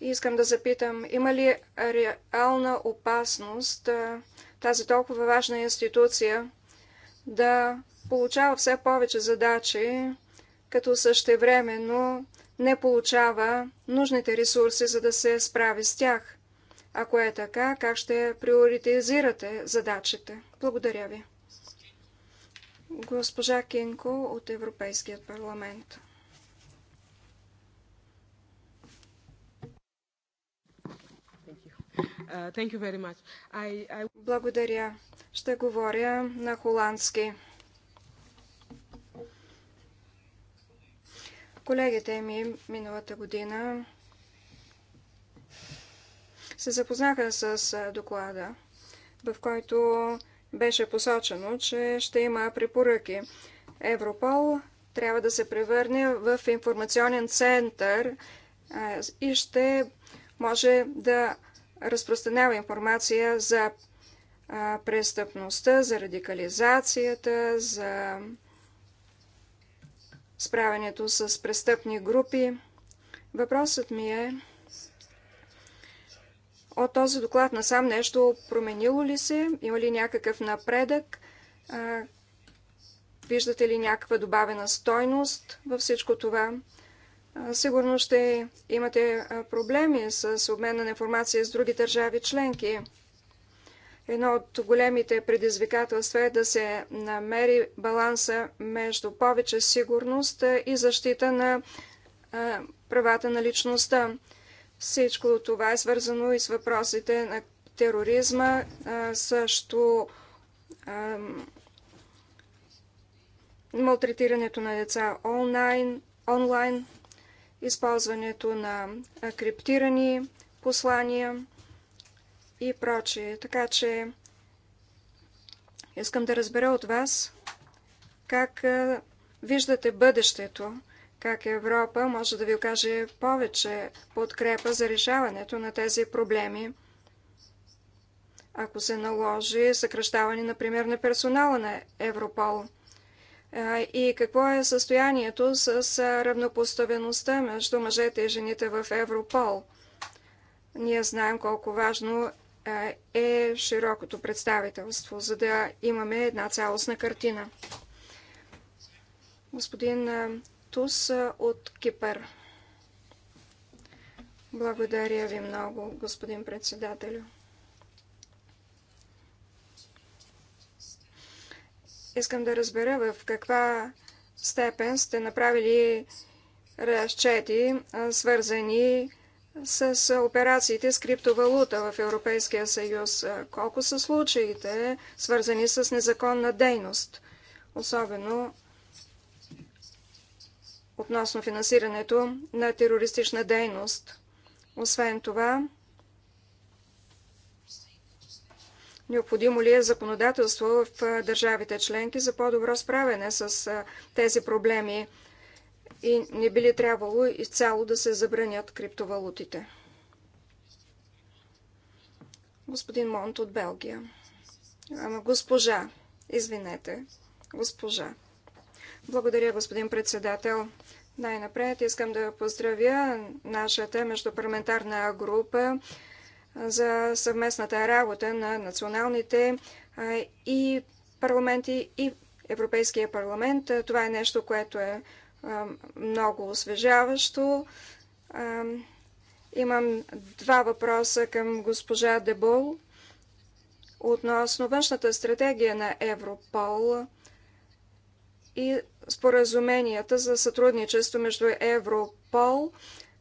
И искам да запитам, има ли реална опасност тази толкова важна институция да получава все повече задачи, като същевременно не получава нужните ресурси, за да се справи с тях? Ако е така, как ще приоритизирате задачите? Благодаря ви. Госпожа Кенко от Европейският парламент. Благодаря. Ще говоря на холандски. Колегите ми миналата година се запознаха с доклада, в който беше посочено, че ще има препоръки. Европол трябва да се превърне в информационен център е, и ще може да разпространява информация за е, престъпността, за радикализацията, за справянето с престъпни групи. Въпросът ми е от този доклад насам нещо променило ли се? Има ли някакъв напредък? Виждате ли някаква добавена стойност във всичко това? Сигурно ще имате проблеми с обмена на информация с други държави членки. Едно от големите предизвикателства е да се намери баланса между повече сигурност и защита на правата на личността. Всичко това е свързано и с въпросите на тероризма, също малтретирането на деца онлайн, онлайн използването на криптирани послания и прочие. Така че искам да разбера от вас как виждате бъдещето как Европа може да ви окаже повече подкрепа за решаването на тези проблеми. Ако се наложи съкръщаване, например, на персонала на Европол. И какво е състоянието с равнопоставеността между мъжете и жените в Европол? Ние знаем колко важно е широкото представителство, за да имаме една цялостна картина. Господин Тус от Кипър. Благодаря ви много, господин председателю. Искам да разбера в каква степен сте направили разчети, свързани с операциите с криптовалута в Европейския съюз. Колко са случаите, свързани с незаконна дейност, особено относно финансирането на терористична дейност. Освен това, необходимо ли е законодателство в държавите членки за по-добро справяне с тези проблеми и не би ли трябвало изцяло да се забранят криптовалутите? Господин Монт от Белгия. Ама госпожа, извинете, госпожа. Благодаря, господин председател. Най-напред искам да поздравя нашата междупарламентарна група за съвместната работа на националните и парламенти и Европейския парламент. Това е нещо, което е много освежаващо. Имам два въпроса към госпожа Дебол относно външната стратегия на Европол и споразуменията за сътрудничество между Европол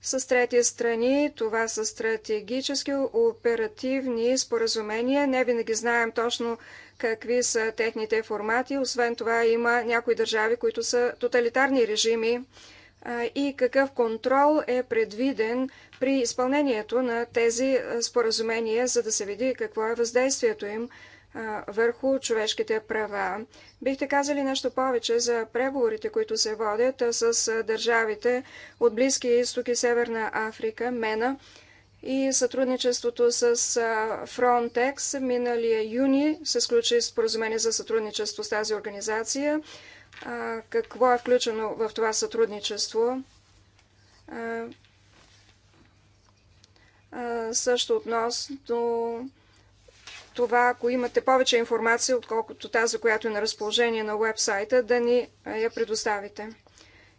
с трети страни. Това са стратегически оперативни споразумения. Не винаги знаем точно какви са техните формати. Освен това има някои държави, които са тоталитарни режими и какъв контрол е предвиден при изпълнението на тези споразумения, за да се види какво е въздействието им върху човешките права. Бихте казали нещо повече за преговорите, които се водят с държавите от Близкия изток и Северна Африка, МЕНА и сътрудничеството с Frontex. Миналия юни се сключи споразумение за сътрудничество с тази организация. Какво е включено в това сътрудничество? Също относно това, ако имате повече информация, отколкото тази, която е на разположение на вебсайта, да ни я предоставите.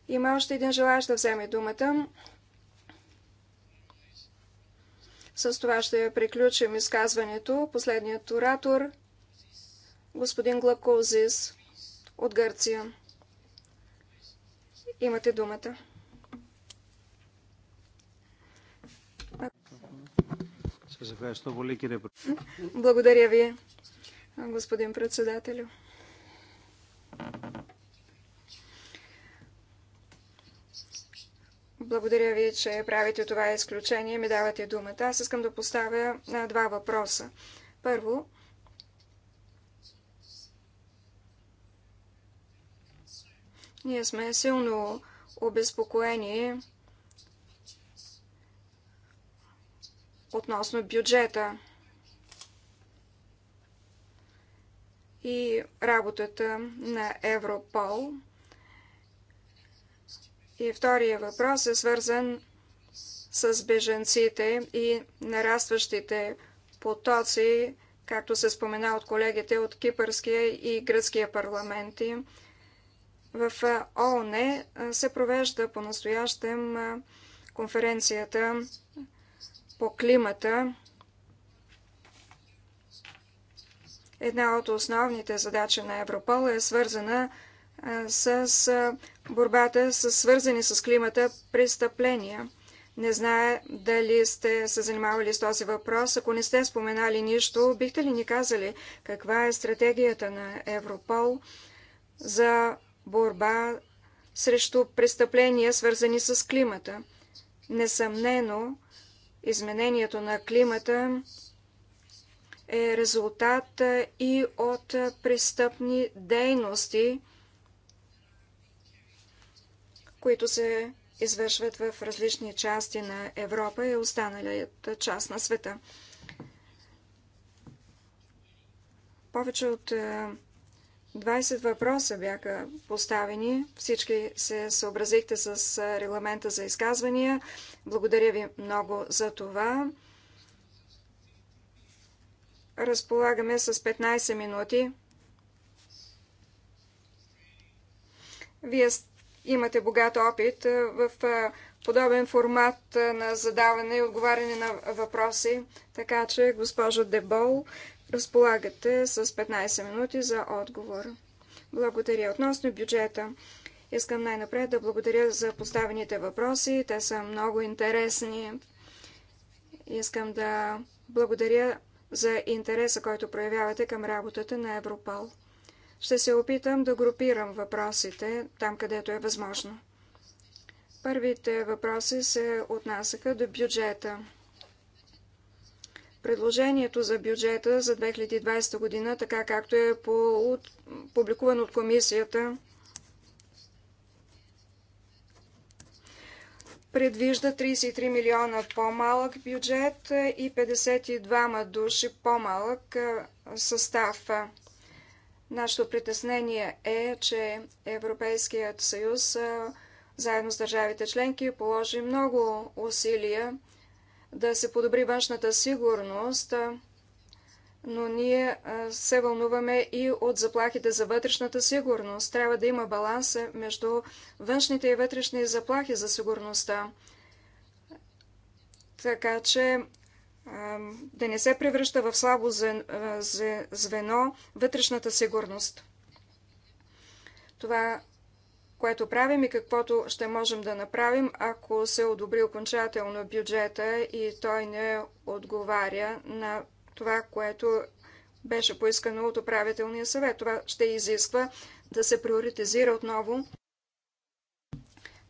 Има още един желаящ да вземе думата. С това ще приключим изказването. Последният оратор – господин Глакозис от Гърция. Имате думата. Благодаря ви, господин председателю. Благодаря ви, че правите това изключение и ми давате думата. Аз искам да поставя два въпроса. Първо, ние сме силно обезпокоени относно бюджета и работата на Европол. И втория въпрос е свързан с беженците и нарастващите потоци, както се спомена от колегите от Кипърския и Гръцкия парламенти. В ООН се провежда по-настоящем конференцията по климата, една от основните задачи на Европол е свързана с борбата с свързани с климата престъпления. Не знае дали сте се занимавали с този въпрос. Ако не сте споменали нищо, бихте ли ни казали каква е стратегията на Европол за борба срещу престъпления, свързани с климата? Несъмнено, изменението на климата е резултат и от престъпни дейности, които се извършват в различни части на Европа и останалата част на света. Повече от 20 въпроса бяха поставени. Всички се съобразихте с регламента за изказвания. Благодаря ви много за това. Разполагаме с 15 минути. Вие имате богат опит в подобен формат на задаване и отговаряне на въпроси. Така че, госпожо Дебол, Разполагате с 15 минути за отговор. Благодаря. Относно бюджета, искам най-напред да благодаря за поставените въпроси. Те са много интересни. Искам да благодаря за интереса, който проявявате към работата на Европол. Ще се опитам да групирам въпросите там, където е възможно. Първите въпроси се отнасяха до бюджета. Предложението за бюджета за 2020 година, така както е публикувано от комисията, предвижда 33 милиона по-малък бюджет и 52 души по-малък състав. Нашето притеснение е, че Европейският съюз заедно с държавите членки положи много усилия да се подобри външната сигурност, но ние се вълнуваме и от заплахите за вътрешната сигурност. Трябва да има баланс между външните и вътрешни заплахи за сигурността. Така че да не се превръща в слабо звено вътрешната сигурност. Това което правим и каквото ще можем да направим, ако се одобри окончателно бюджета и той не отговаря на това, което беше поискано от управителния съвет. Това ще изисква да се приоритизира отново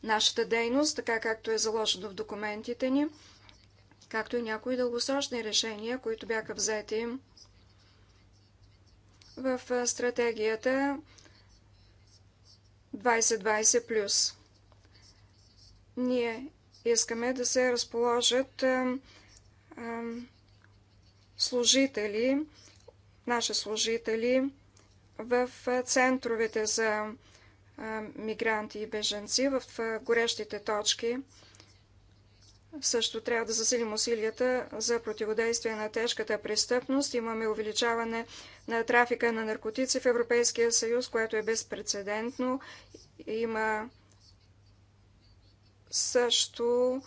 нашата дейност, така както е заложено в документите ни, както и някои дългосрочни решения, които бяха взети в стратегията 2020+. Ние искаме да се разположат служители, наши служители в центровете за мигранти и беженци, в горещите точки. Също трябва да засилим усилията за противодействие на тежката престъпност. Имаме увеличаване на трафика на наркотици в Европейския съюз, което е безпредседентно. Има също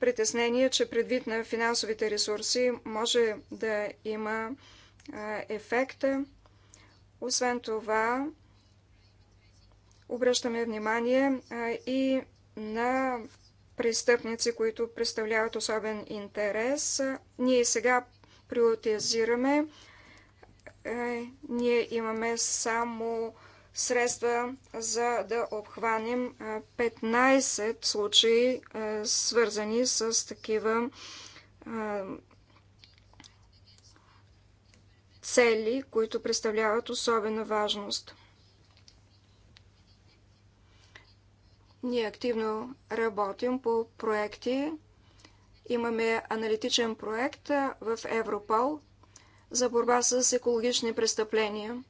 притеснение, че предвид на финансовите ресурси може да има ефекта. Освен това, обръщаме внимание и на престъпници, които представляват особен интерес. Ние сега приоритизираме. Е, ние имаме само средства за да обхванем 15 е, случаи, е, свързани с такива цели, които представляват особена важност. Ние активно работим по проекти. Имаме аналитичен проект в Европол за борба с екологични престъпления.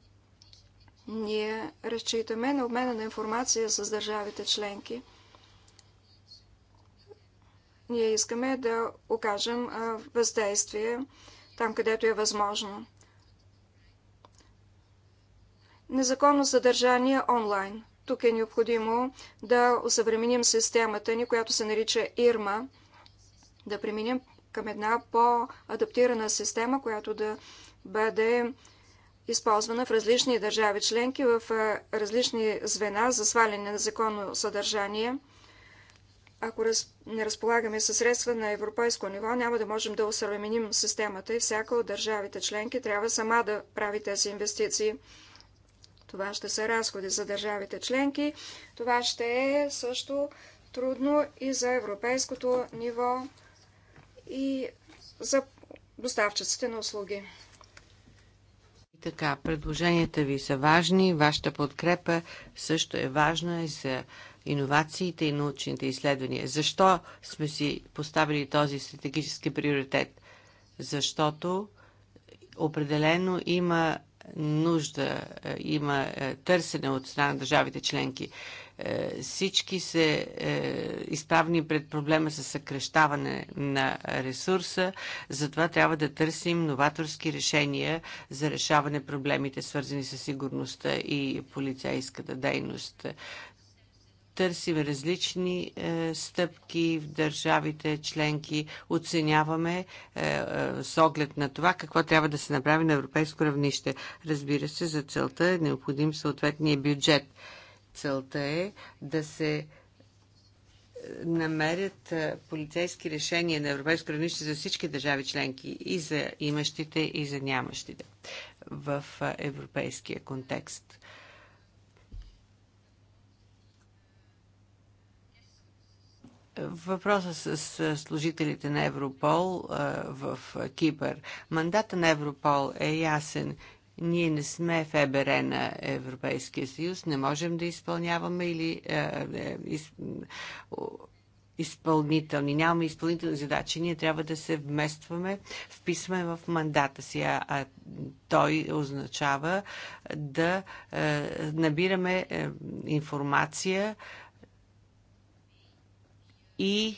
Ние разчитаме на обмена на информация с държавите членки. Ние искаме да окажем въздействие там, където е възможно. Незаконно съдържание онлайн – тук е необходимо да усъвременим системата ни, която се нарича ИРМА, да преминем към една по-адаптирана система, която да бъде използвана в различни държави членки, в различни звена за сваляне на законно съдържание. Ако не разполагаме със средства на европейско ниво, няма да можем да усъвременим системата и всяка от държавите членки трябва сама да прави тези инвестиции. Това ще са разходи за държавите членки. Това ще е също трудно и за европейското ниво и за доставчиците на услуги. И така, предложенията ви са важни, вашата подкрепа също е важна и за иновациите и научните изследвания. Защо сме си поставили този стратегически приоритет? Защото определено има нужда, е, има е, търсене от страна на държавите членки. Е, всички се изправни пред проблема с съкрещаване на ресурса, затова трябва да търсим новаторски решения за решаване проблемите, свързани с сигурността и полицейската дейност търсим различни е, стъпки в държавите членки, оценяваме е, е, с оглед на това какво трябва да се направи на европейско равнище. Разбира се, за целта е необходим съответния бюджет. Целта е да се е, намерят е, полицейски решения на европейско равнище за всички държави членки, и за имащите, и за нямащите в е, европейския контекст. Въпроса с служителите на Европол в Кипър. Мандата на Европол е ясен. Ние не сме в на Европейския съюз, не можем да изпълняваме или е, из, изпълнителни. Нямаме изпълнителни задачи. Ние трябва да се вместваме, вписваме в мандата си, а, а той означава да е, набираме е, информация и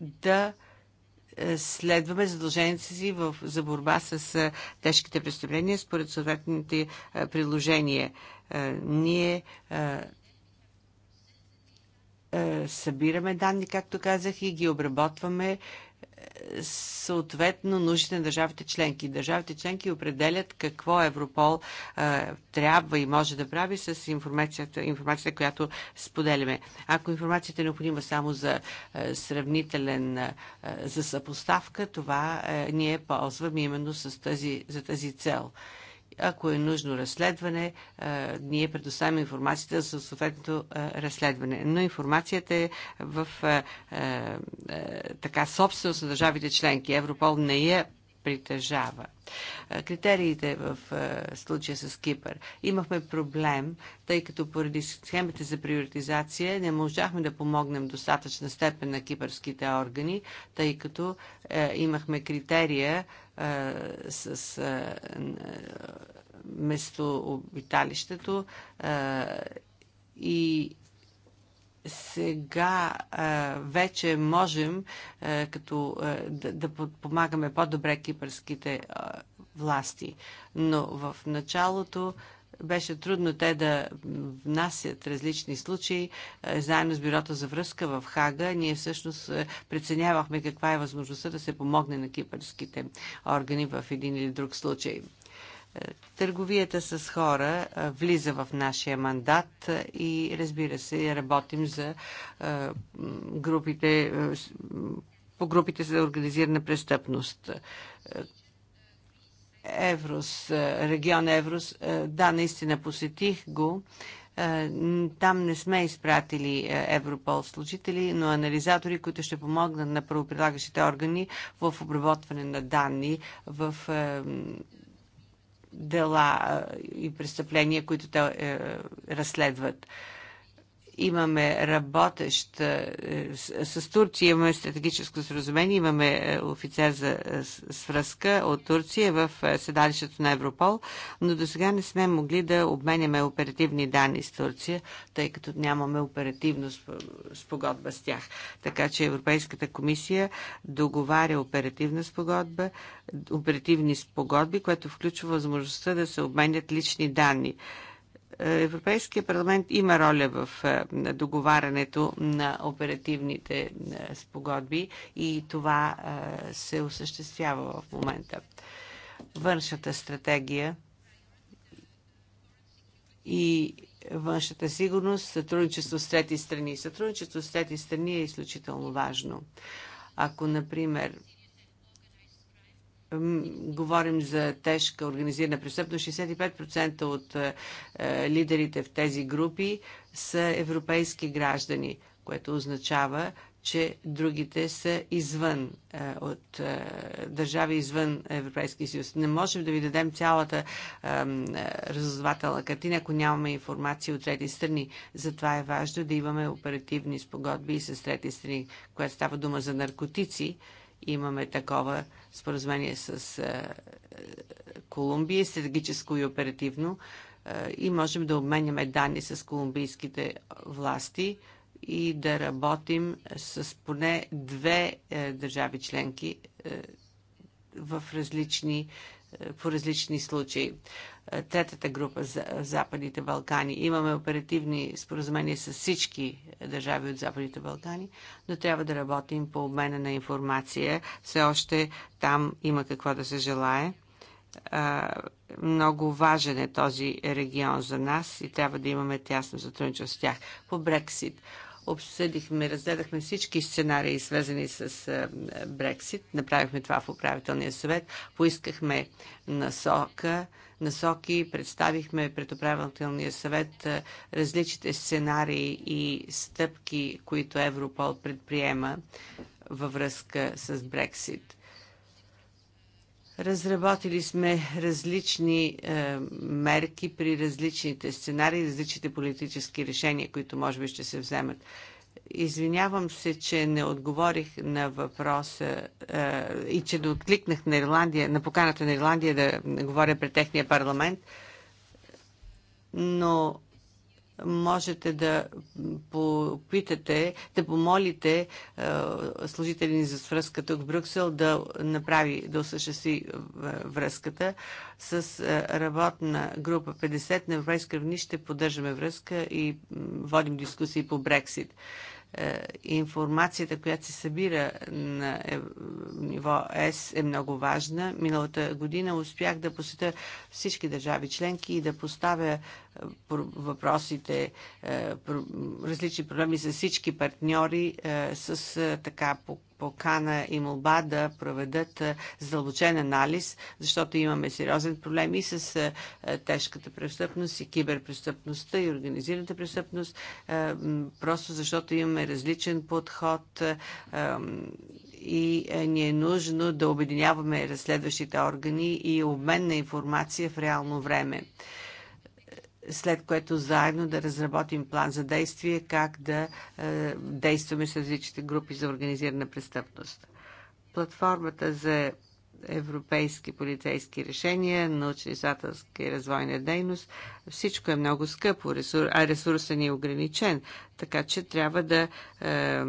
да е, следваме задълженията си в, за борба с е, тежките престъпления според съответните е, приложения. Ние събираме данни, както казах, и ги обработваме съответно нуждите на държавите членки. Държавите членки определят какво Европол а, е, трябва и може да прави с информацията, информацията, която споделяме. Ако информацията е необходима само за а, е, сравнителен, а, е, за съпоставка, това а, ние ползваме именно с тази, за тази цел ако е нужно разследване, ние предоставяме информацията за съответното разследване. Но информацията е в така собственост на държавите членки. Европол не я притежава. Критериите в случая с Кипър. Имахме проблем, тъй като поради схемите за приоритизация не можахме да помогнем достатъчна степен на кипърските органи, тъй като имахме критерия с местообиталището и сега а, вече можем а, като а, да, да подпомагаме по-добре кипърските а, власти. Но в началото беше трудно те да внасят различни случаи. Е, заедно с Бюрото за връзка в Хага, ние всъщност е, преценявахме каква е възможността да се помогне на кипърските органи в един или друг случай. Е, търговията с хора влиза в нашия мандат и разбира се, работим за групите, по групите за организирана престъпност. Еврос, е, регион Еврос. Е, да, наистина посетих го. Е, там не сме изпратили Европол служители, но анализатори, които ще помогнат на правоприлагащите органи в обработване на данни в дела и престъпления, които те разследват. Имаме работещ е, с Турция, имаме стратегическо споразумение, имаме е, офицер за е, свръзка от Турция в седалището на Европол, но до сега не сме могли да обменяме оперативни данни с Турция, тъй като нямаме оперативно спогодба с тях. Така че Европейската комисия договаря оперативна спогодба, оперативни спогодби, което включва възможността да се обменят лични данни. Европейския парламент има роля в е, договарянето на оперативните е, спогодби и това е, се осъществява в момента. Външната стратегия и външната сигурност, сътрудничество с трети страни. Сътрудничество с трети страни е изключително важно. Ако, например, говорим за тежка организирана престъпност. 65% от е, е, лидерите в тези групи са европейски граждани, което означава, че другите са извън е, от държави извън Европейския съюз. Не можем да ви дадем цялата разузнавателна картина, ако нямаме информация от трети страни. Затова е важно да имаме оперативни спогодби и с трети страни, което става дума за наркотици. Имаме такова споразумение с е, Колумбия, стратегическо и оперативно, е, и можем да обменяме данни с колумбийските власти и да работим с поне две е, държави членки в различни по различни случаи. Е, третата група за Западните Балкани. Имаме оперативни споразумения с всички държави от Западните Балкани, но трябва да работим по обмена на информация. Все още там има какво да се желае. Е, много важен е този регион за нас и трябва да имаме тясно сътрудничество с тях. По Брексит обсъдихме, разгледахме всички сценарии, свързани с Брексит. Направихме това в управителния съвет. Поискахме насока, насоки, представихме пред управителния съвет различните сценарии и стъпки, които Европол предприема във връзка с Брексит. Разработили сме различни е, мерки при различните сценарии, различните политически решения, които може би ще се вземат. Извинявам се, че не отговорих на въпроса е, и че не откликнах на Ирландия, на поканата на Ирландия да говоря пред техния парламент, но можете да попитате, да помолите е, служители за връзката тук в Брюксел да направи, да осъществи е, връзката. С е, работна група 50 на европейска равнище поддържаме връзка и водим дискусии по Брексит. Е, информацията, която се събира на е, ниво ЕС е много важна. Миналата година успях да посетя всички държави членки и да поставя е, въпросите, различни проблеми за всички партньори с така по покана и молба да проведат задълбочен анализ, защото имаме сериозен проблем и с тежката престъпност, и киберпрестъпността, и организираната престъпност, просто защото имаме различен подход и ни е нужно да обединяваме разследващите органи и обмен на информация в реално време след което заедно да разработим план за действие, как да е, действаме с различните групи за организирана престъпност. Платформата за европейски полицейски решения, научно-изследователска и развойна дейност. Всичко е много скъпо, а ресурсът ни е ограничен, така че трябва да е,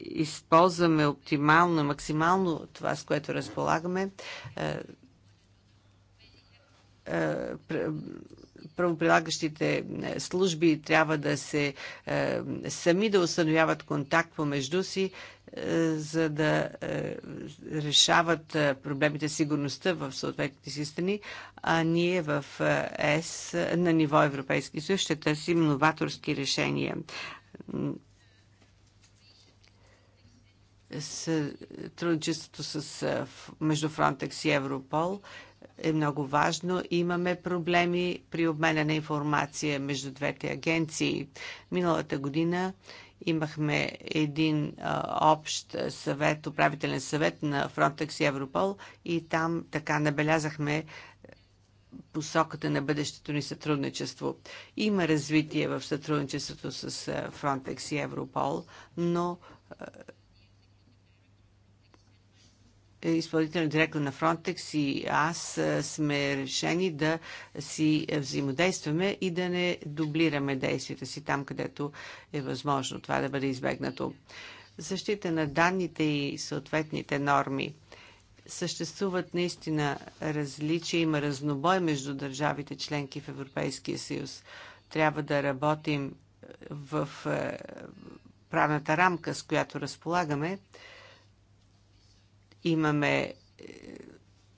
използваме оптимално, максимално това, с което разполагаме. Е, е, правоприлагащите е, служби трябва да се е, сами да установяват контакт помежду си, за да решават проблемите с сигурността в съответните си страни, а ние в ЕС на ниво Европейски съюз ще търсим новаторски решения сътрудничеството с, между Фронтекс и Европол е много важно. Имаме проблеми при обмена на информация между двете агенции. Миналата година имахме един а, общ съвет, управителен съвет на Frontex и Европол и там така набелязахме посоката на бъдещето ни сътрудничество. Има развитие в сътрудничеството с Frontex и Европол, но е изпълнителен директор на Фронтекс и аз е, сме решени да си взаимодействаме и да не дублираме действията си там, където е възможно това да бъде избегнато. Защита на данните и съответните норми. Съществуват наистина различия, има разнобой между държавите членки в Европейския съюз. Трябва да работим в е, правната рамка, с която разполагаме, имаме е,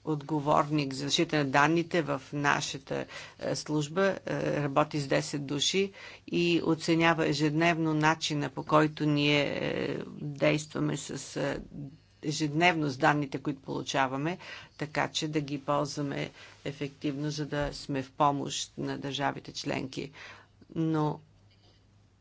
отговорник за защита на данните в нашата е, служба, е, работи с 10 души и оценява ежедневно начина по който ние действаме с ежедневно с данните, които получаваме, така че да ги ползваме ефективно, за да сме в помощ на държавите членки. Но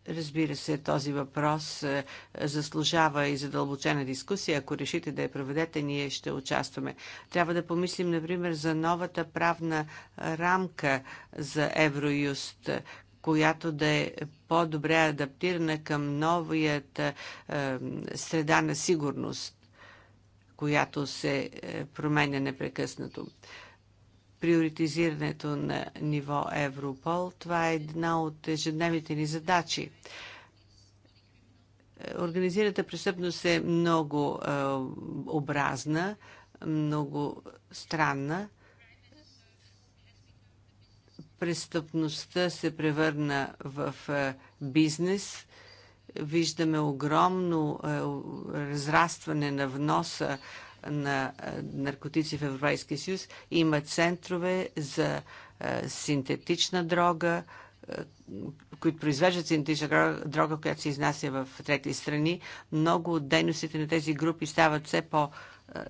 Разбира се, този въпрос е, заслужава и задълбочена дискусия. Ако решите да я проведете, ние ще участваме. Трябва да помислим, например, за новата правна рамка за Евроюст, която да е по-добре адаптирана към новията е, среда на сигурност, която се е, променя непрекъснато приоритизирането на ниво Европол. Това е една от ежедневните ни задачи. Организираната престъпност е много е, образна, много странна. Престъпността се превърна в е, бизнес. Виждаме огромно е, разрастване на вноса на наркотици в Европейския съюз. Има центрове за синтетична дрога, които произвеждат синтетична дрога, която се изнася в трети страни. Много от дейностите на тези групи стават все по-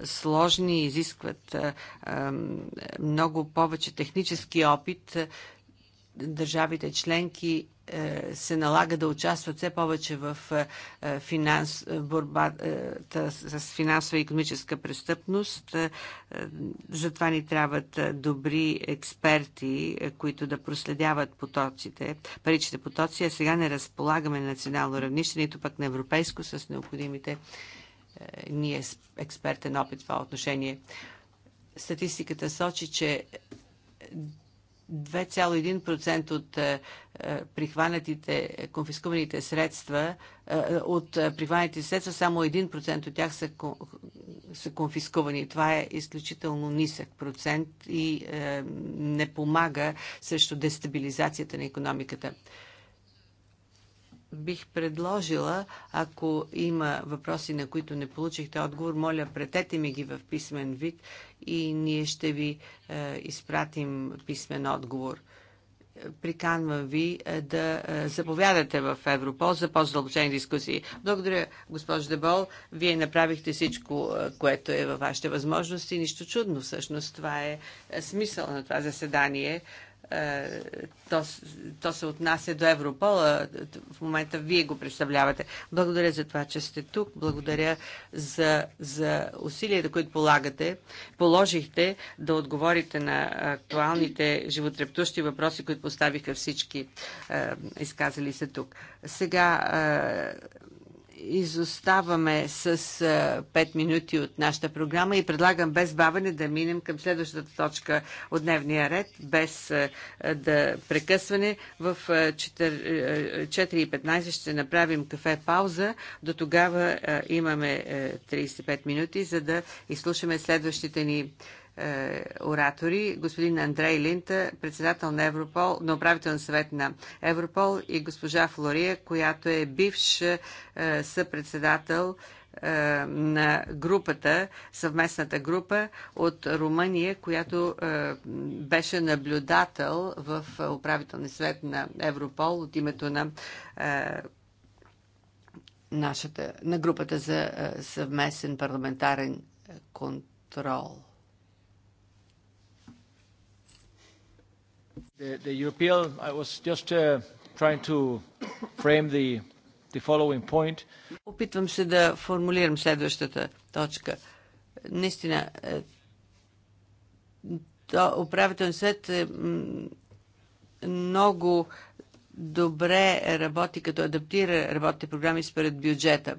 сложни, и изискват много повече технически опит. Държавите членки е, се налага да участват все повече в е, е, финанс, борбата с финансова и економическа престъпност. Затова ни трябват добри експерти, които да проследяват потоците, паричните потоци, а сега не разполагаме на национално равнище, нито пък на европейско с необходимите ние експертен опит в това отношение. Статистиката сочи, че 2,1% от е, е, прихванатите, е, конфискуваните средства, от прихванатите средства, само 1% от тях са, са конфискувани. Това е изключително нисък процент и не помага срещу дестабилизацията на економиката бих предложила, ако има въпроси, на които не получихте отговор, моля, претете ми ги в писмен вид и ние ще ви е, изпратим писмен отговор. Приканвам ви е, да е, заповядате в Европол за по-задълбочени дискусии. Благодаря, госпожо Дебол. Вие направихте всичко, е, което е във вашите възможности. Нищо чудно, всъщност. Това е смисъл на това заседание. Е, то, то се отнася до Европол. В момента вие го представлявате. Благодаря за това, че сте тук. Благодаря за, за усилията, които полагате, положихте да отговорите на актуалните животрептущи въпроси, които поставиха всички е, изказали се тук. Сега е, изоставаме с 5 минути от нашата програма и предлагам без бавене да минем към следващата точка от дневния ред, без да прекъсване. В 4.15 ще направим кафе пауза. До тогава имаме 35 е, минути, за да изслушаме следващите ни е, оратори, господин Андрей Линта, председател на Европол, на управителен съвет на Европол и госпожа Флория, която е бивш е, съпредседател е, на групата, съвместната група от Румъния, която беше наблюдател в управителния съвет на Европол от името на нашата, на групата за съвместен парламентарен контрол. The, the European, I was just uh, trying to frame the, the following point. Опитвам се да формулирам следващата точка. Наистина, то е, управителен съвет е, много добре работи, като адаптира работните програми според бюджета.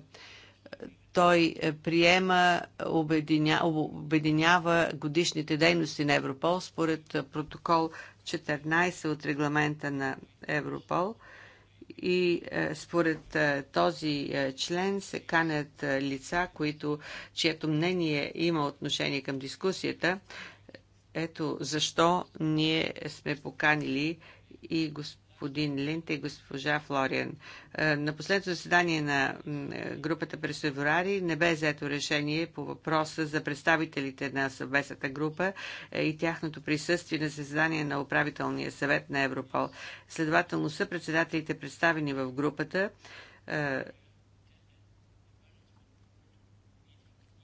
Той е, приема, обединя, обединява годишните дейности на Европол според протокол 14 от регламента на Европол и е, според е, този е, член се канят лица, които, чието мнение има отношение към дискусията. Ето защо ние сме поканили и господин господин Линт и госпожа Флориан. Е, на последното заседание на е, групата през февруари не бе взето решение по въпроса за представителите на съвместната група е, и тяхното присъствие на заседание на управителния съвет на Европол. Следователно са председателите представени в групата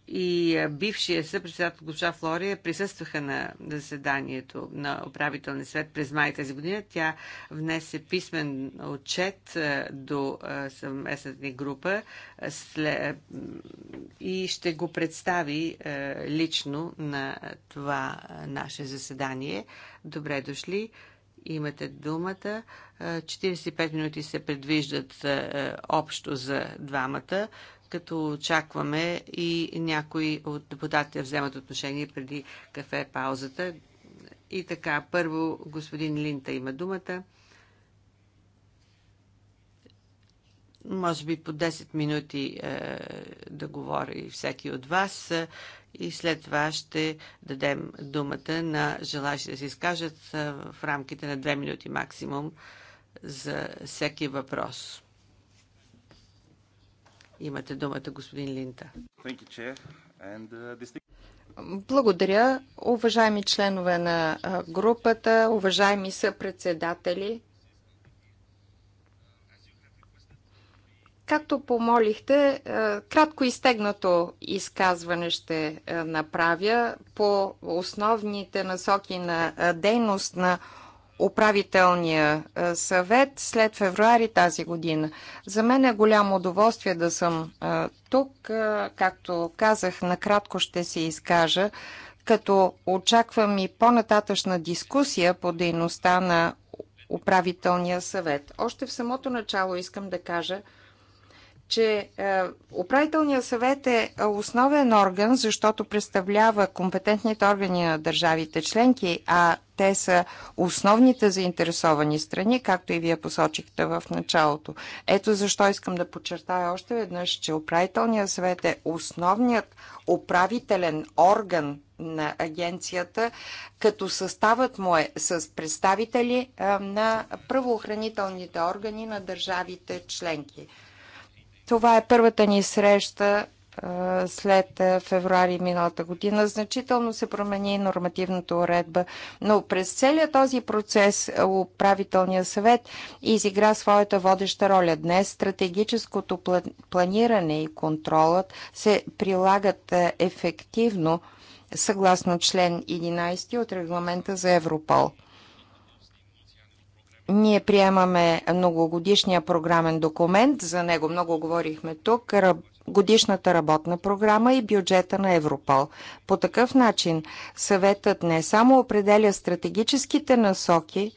и бившия съпредседател госпожа Флория присъстваха на заседанието на управителния свет през май тази година. Тя внесе писмен отчет до съвместната ни група и ще го представи лично на това наше заседание. Добре дошли! Имате думата. 45 минути се предвиждат общо за двамата като очакваме и някои от депутатите вземат отношение преди кафе паузата. И така, първо господин Линта има думата. Може би по 10 минути е, да говори всеки от вас е, и след това ще дадем думата на желащи да се изкажат е, в рамките на 2 минути максимум за всеки въпрос. Имате думата, господин Линта. Uh, Благодаря, уважаеми членове на групата, уважаеми съпредседатели. Както помолихте, кратко изтегнато изказване ще направя по основните насоки на дейност на управителния е, съвет след февруари тази година. За мен е голямо удоволствие да съм е, тук. Е, както казах, накратко ще се изкажа, като очаквам и по-нататъчна дискусия по дейността на управителния съвет. Още в самото начало искам да кажа, че е, управителният съвет е основен орган, защото представлява компетентните органи на държавите членки, а те са основните заинтересовани страни, както и вие посочихте в началото. Ето защо искам да подчертая още веднъж, че управителният съвет е основният управителен орган на агенцията, като съставът му е с представители е, на правоохранителните органи на държавите членки. Това е първата ни среща след февруари миналата година. Значително се промени нормативната уредба, но през целият този процес управителният съвет изигра своята водеща роля. Днес стратегическото планиране и контролът се прилагат ефективно съгласно член 11 от регламента за Европол. Ние приемаме многогодишния програмен документ, за него много говорихме тук, годишната работна програма и бюджета на Европол. По такъв начин съветът не само определя стратегическите насоки,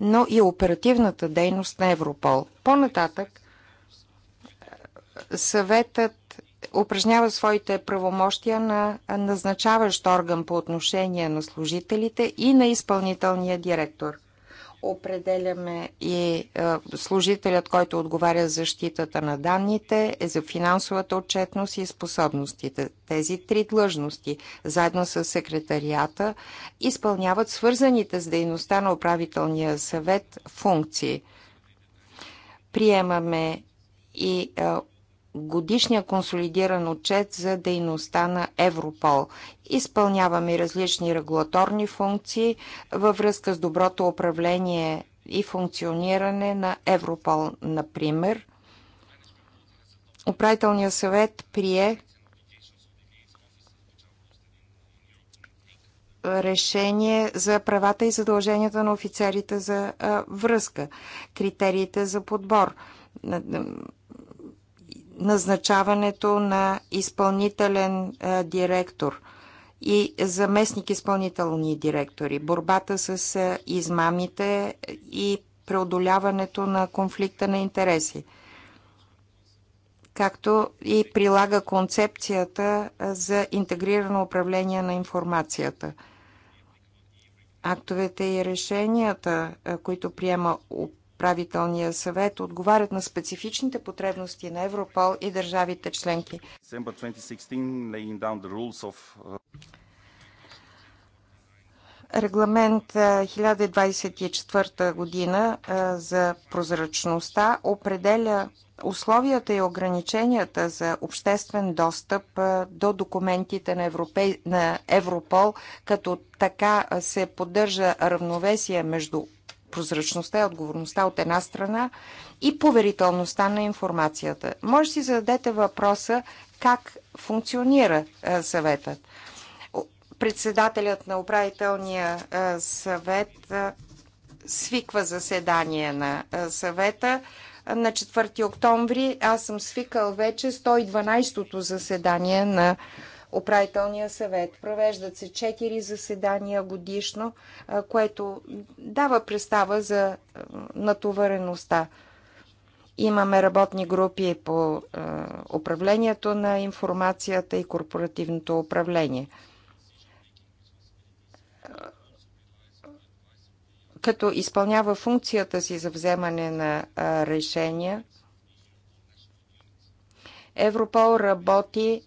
но и оперативната дейност на Европол. По-нататък съветът упражнява своите правомощия на назначаващ орган по отношение на служителите и на изпълнителния директор – Определяме и е, служителят, който отговаря за защитата на данните, е за финансовата отчетност и способностите. Тези три длъжности, заедно с секретарията, изпълняват свързаните с дейността на управителния съвет функции. Приемаме и е, годишния консолидиран отчет за дейността на Европол. Изпълняваме различни регулаторни функции във връзка с доброто управление и функциониране на Европол, например. Управителният съвет прие решение за правата и задълженията на офицерите за а, връзка, критериите за подбор, назначаването на изпълнителен директор и заместник изпълнителни директори, борбата с измамите и преодоляването на конфликта на интереси, както и прилага концепцията за интегрирано управление на информацията. Актовете и решенията, които приема управителния съвет отговарят на специфичните потребности на Европол и държавите членки. Uh, Регламент 1024 uh, година uh, за прозрачността определя условията и ограниченията за обществен достъп до документите на, Европе... на Европол, като така се поддържа равновесие между прозрачността и отговорността от една страна и поверителността на информацията. Може да си зададете въпроса как функционира съветът. Председателят на управителния съвет свиква заседание на съвета на 4 октомври. Аз съм свикал вече 112-то заседание на управителния съвет. Провеждат се 4 заседания годишно, което дава представа за натовареността. Имаме работни групи по управлението на информацията и корпоративното управление. Като изпълнява функцията си за вземане на решения, Европол работи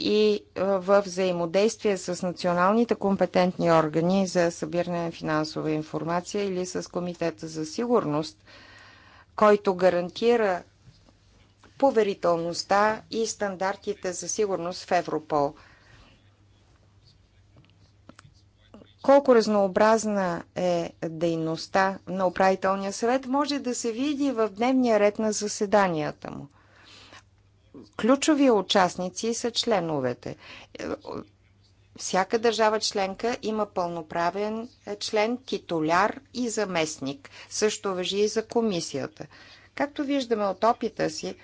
и в взаимодействие с националните компетентни органи за събиране на финансова информация или с Комитета за сигурност, който гарантира поверителността и стандартите за сигурност в Европол. Колко разнообразна е дейността на управителния съвет, може да се види в дневния ред на заседанията му – ключови участници са членовете. Всяка държава членка има пълноправен член, титуляр и заместник. Също въжи и за комисията. Както виждаме от опита си,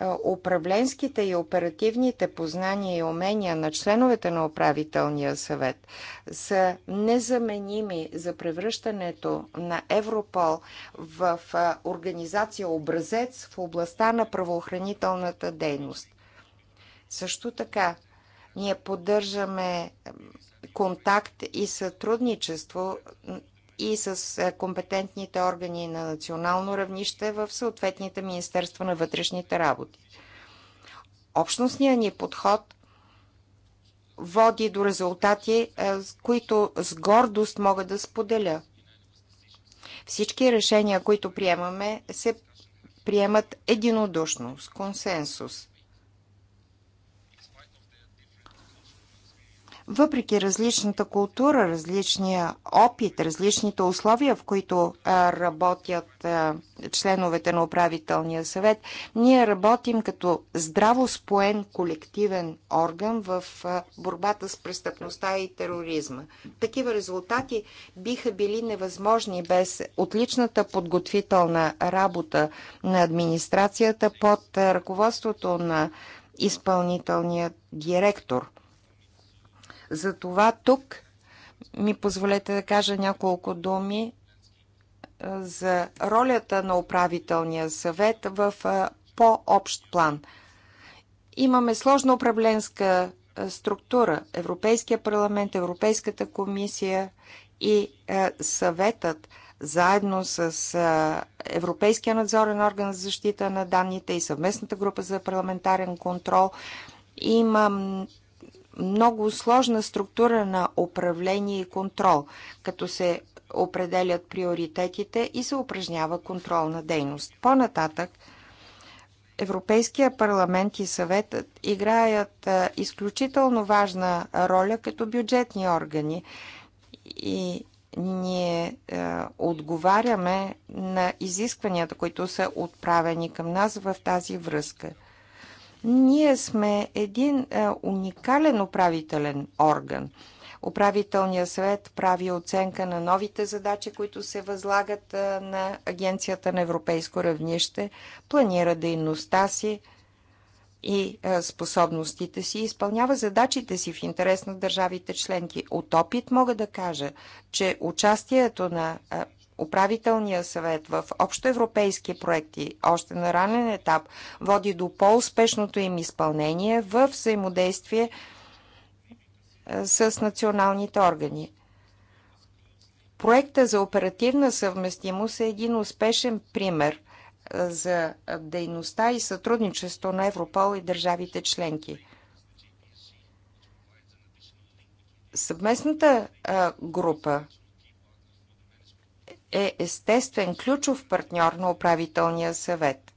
е, управленските и оперативните познания и умения на членовете на управителния съвет са незаменими за превръщането на Европол в е, организация образец в областта на правоохранителната дейност. Също така, ние поддържаме контакт и сътрудничество и с е, компетентните органи на национално равнище в съответните Министерства на вътрешните работи. Общностният ни подход води до резултати, е, с които с гордост мога да споделя. Всички решения, които приемаме, се приемат единодушно, с консенсус. въпреки различната култура, различния опит, различните условия, в които работят членовете на управителния съвет, ние работим като здраво споен колективен орган в борбата с престъпността и тероризма. Такива резултати биха били невъзможни без отличната подготвителна работа на администрацията под ръководството на изпълнителния директор. Затова тук ми позволете да кажа няколко думи за ролята на управителния съвет в по-общ план. Имаме сложна управленска структура Европейския парламент, Европейската комисия и съветът заедно с Европейския надзорен орган за защита на данните и съвместната група за парламентарен контрол има много сложна структура на управление и контрол, като се определят приоритетите и се упражнява контролна дейност. По-нататък, Европейския парламент и съветът играят изключително важна роля като бюджетни органи и ние е, отговаряме на изискванията, които са отправени към нас в тази връзка – ние сме един е, уникален управителен орган. Управителният съвет прави оценка на новите задачи, които се възлагат е, на Агенцията на европейско равнище, планира дейността си и е, способностите си, изпълнява задачите си в интерес на държавите членки. От опит мога да кажа, че участието на е, управителния съвет в общоевропейски проекти още на ранен етап води до по-успешното им изпълнение в взаимодействие е, с националните органи. Проекта за оперативна съвместимост е един успешен пример е, за дейността и сътрудничество на Европол и държавите членки. Съвместната е, група е естествен ключов партньор на управителния съвет.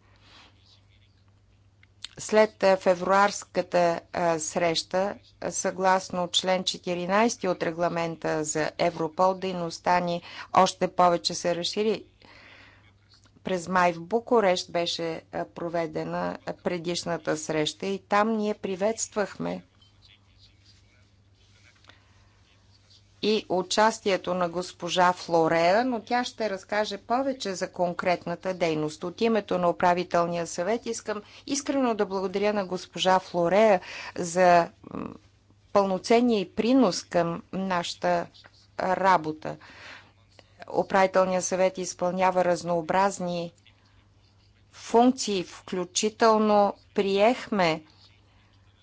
След февруарската среща, съгласно член 14 от регламента за Европол, дейността ни още повече се разшири. През май в Букурещ беше проведена предишната среща и там ние приветствахме и участието на госпожа Флорея, но тя ще разкаже повече за конкретната дейност. От името на управителния съвет искам искрено да благодаря на госпожа Флорея за пълноценния и принос към нашата работа. Управителният съвет изпълнява разнообразни функции, включително приехме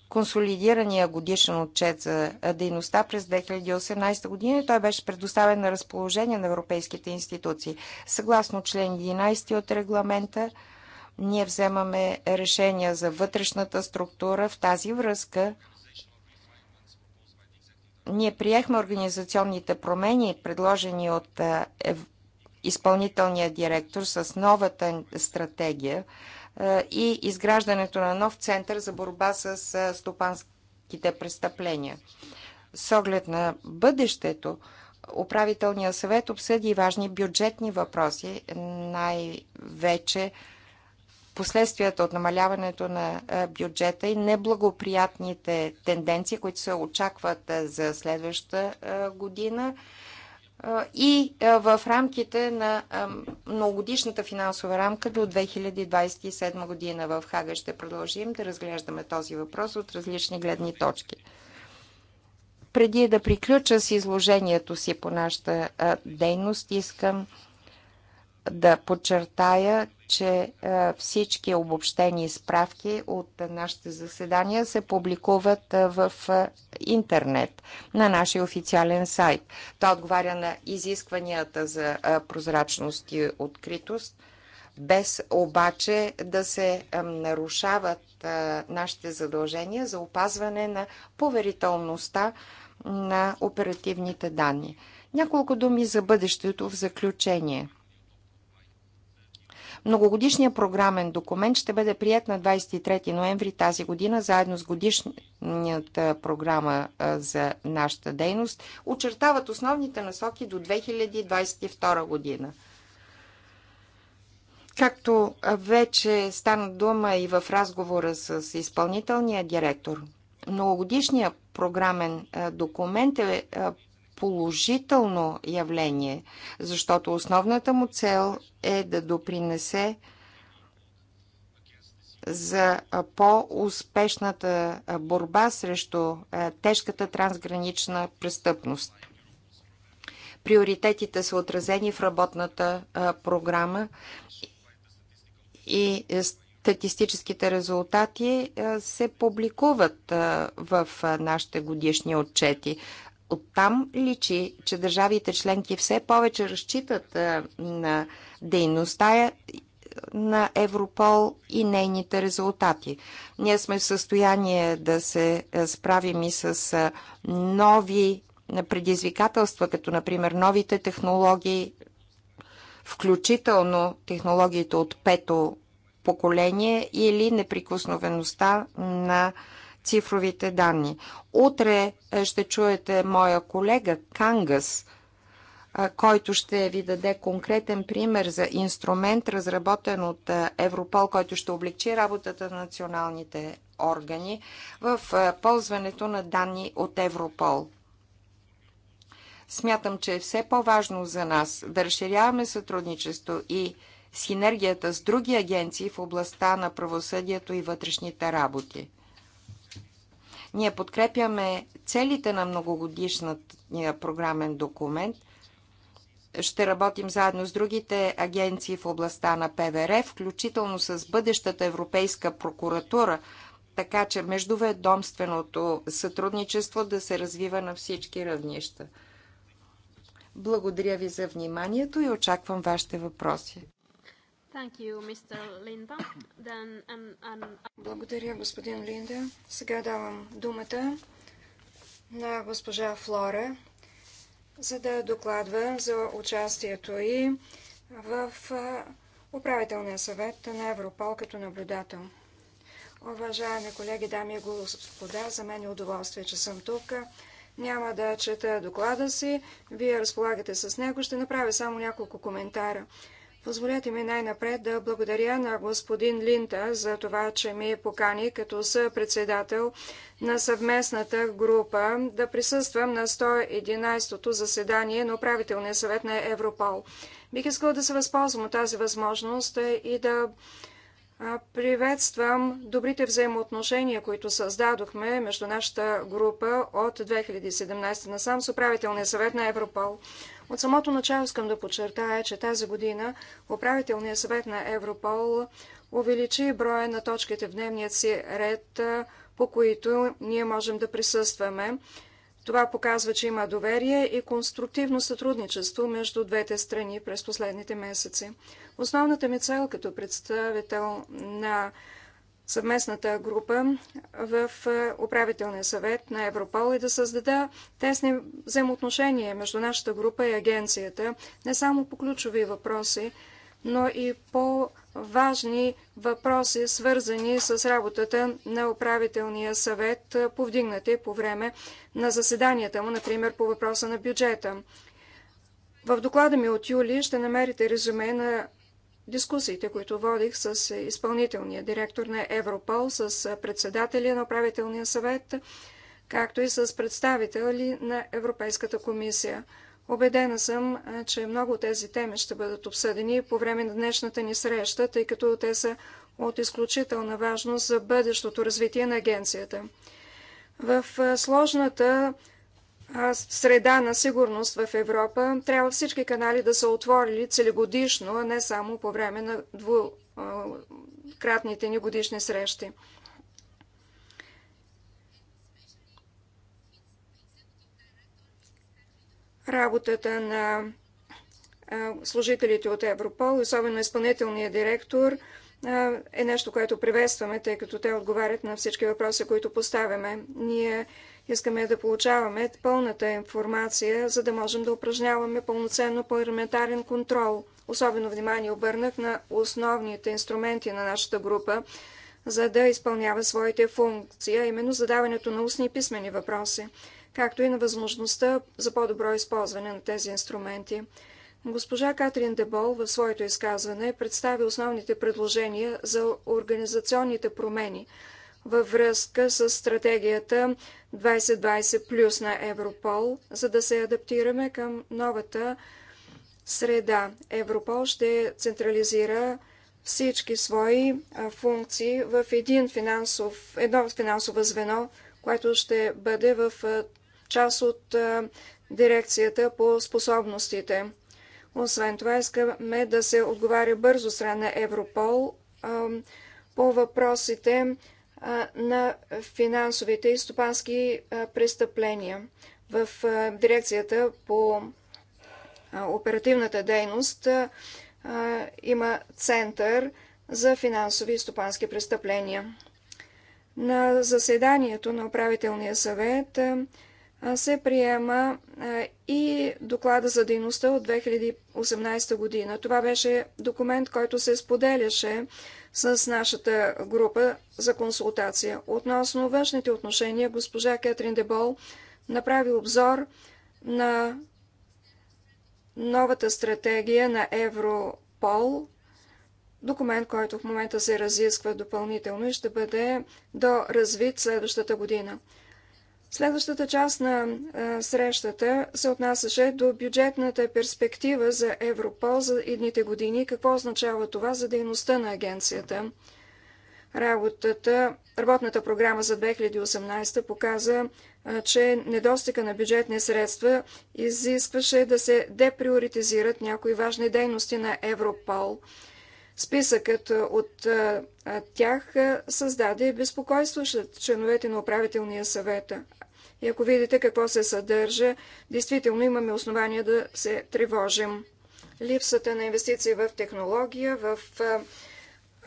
консолидирания годишен отчет за дейността през 2018 година и той беше предоставен на разположение на европейските институции. Съгласно член 11 от регламента, ние вземаме решения за вътрешната структура. В тази връзка ние приехме организационните промени, предложени от изпълнителния директор с новата стратегия – е, и изграждането на нов център за борба с е, стопанските престъпления. С оглед на бъдещето, управителният съвет обсъди важни бюджетни въпроси, най-вече последствията от намаляването на е, бюджета и неблагоприятните тенденции, които се очакват за следващата година и в рамките на многогодишната финансова рамка до 2027 година в Хага ще продължим да разглеждаме този въпрос от различни гледни точки. Преди да приключа с изложението си по нашата дейност, искам да подчертая, че е, всички обобщени справки от нашите заседания се публикуват е, в е, интернет на нашия официален сайт. Той отговаря на изискванията за прозрачност и откритост, без обаче да се нарушават нашите задължения за опазване на поверителността на оперативните данни. Няколко думи за бъдещето в заключение – Многогодишният програмен документ ще бъде прият на 23 ноември тази година, заедно с годишната програма за нашата дейност, очертават основните насоки до 2022 година. Както вече стана дума и в разговора с изпълнителния директор, многогодишният програмен документ е положително явление, защото основната му цел е да допринесе за по-успешната борба срещу е, тежката трансгранична престъпност. Приоритетите са отразени в работната е, програма и статистическите резултати е, се публикуват в нашите годишни отчети. Оттам личи, че държавите членки все повече разчитат на дейността на Европол и нейните резултати. Ние сме в състояние да се справим и с нови предизвикателства, като например новите технологии, включително технологиите от пето поколение или неприкосновеността на цифровите данни. Утре е, ще чуете моя колега Кангас, е, който ще ви даде конкретен пример за инструмент, разработен от е, Европол, който ще облегчи работата на националните органи в ползването на данни от Европол. Смятам, че е все по-важно за нас да разширяваме сътрудничество и синергията с други агенции в областта на правосъдието и вътрешните работи. Ние подкрепяме целите на многогодишния програмен документ. Ще работим заедно с другите агенции в областта на ПВР, включително с бъдещата Европейска прокуратура, така че междуведомственото сътрудничество да се развива на всички равнища. Благодаря ви за вниманието и очаквам вашите въпроси. Um, um, Благодаря, господин Линда. Сега давам думата на госпожа Флора, за да докладва за участието и в управителния съвет на Европол като наблюдател. Уважаеми колеги, дами и господа, за мен е удоволствие, че съм тук. Няма да чета доклада си. Вие разполагате с него. Ще направя само няколко коментара. Позволете ми най-напред да благодаря на господин Линта за това, че ми покани като съпредседател на съвместната група да присъствам на 111-то заседание на управителния съвет на Европол. Бих искала да се възползвам от тази възможност и да приветствам добрите взаимоотношения, които създадохме между нашата група от 2017 насам с управителния съвет на Европол. От самото начало искам да подчертая, че тази година управителният съвет на Европол увеличи броя на точките в дневният си ред, по които ние можем да присъстваме. Това показва, че има доверие и конструктивно сътрудничество между двете страни през последните месеци. Основната ми цел като представител на съвместната група в е, управителния съвет на Европол и да създада тесни взаимоотношения между нашата група и агенцията, не само по ключови въпроси, но и по важни въпроси, свързани с работата на управителния съвет, е, повдигнати по време на заседанията му, например по въпроса на бюджета. В доклада ми от юли ще намерите резюме на дискусиите, които водих с изпълнителния директор на Европол, с председателя на управителния съвет, както и с представители на Европейската комисия. Обедена съм, че много от тези теми ще бъдат обсъдени по време на днешната ни среща, тъй като те са от изключителна важност за бъдещото развитие на агенцията. В сложната среда на сигурност в Европа, трябва всички канали да са отворили целегодишно, а не само по време на двукратните ни годишни срещи. Работата на служителите от Европол, особено изпълнителният директор, е нещо, което приветстваме, тъй като те отговарят на всички въпроси, които поставяме. Ние Искаме да получаваме пълната информация, за да можем да упражняваме пълноценно парламентарен контрол. Особено внимание обърнах на основните инструменти на нашата група, за да изпълнява своите функции, именно задаването на устни и писмени въпроси, както и на възможността за по-добро използване на тези инструменти. Госпожа Катрин Дебол в своето изказване представи основните предложения за организационните промени – във връзка с стратегията 2020 плюс на Европол, за да се адаптираме към новата среда. Европол ще централизира всички свои функции в един финансов, едно финансово звено, което ще бъде в част от дирекцията по способностите. Освен това, искаме да се отговаря бързо страна на Европол по въпросите на финансовите и стопански престъпления. В дирекцията по оперативната дейност има център за финансови и стопански престъпления. На заседанието на управителния съвет се приема и доклада за дейността от 2018 година. Това беше документ, който се споделяше с нашата група за консултация. Относно външните отношения, госпожа Кетрин Дебол направи обзор на новата стратегия на Европол, документ, който в момента се разисква допълнително и ще бъде доразвит следващата година. Следващата част на срещата се отнасяше до бюджетната перспектива за Европол за едните години. Какво означава това за дейността на агенцията? Работата, работната програма за 2018 показа, че недостига на бюджетни средства изискваше да се деприоритизират някои важни дейности на Европол. Списъкът от тях създаде безпокойство сред членовете на управителния съвет. И ако видите какво се съдържа, действително имаме основания да се тревожим. Липсата на инвестиции в технология, в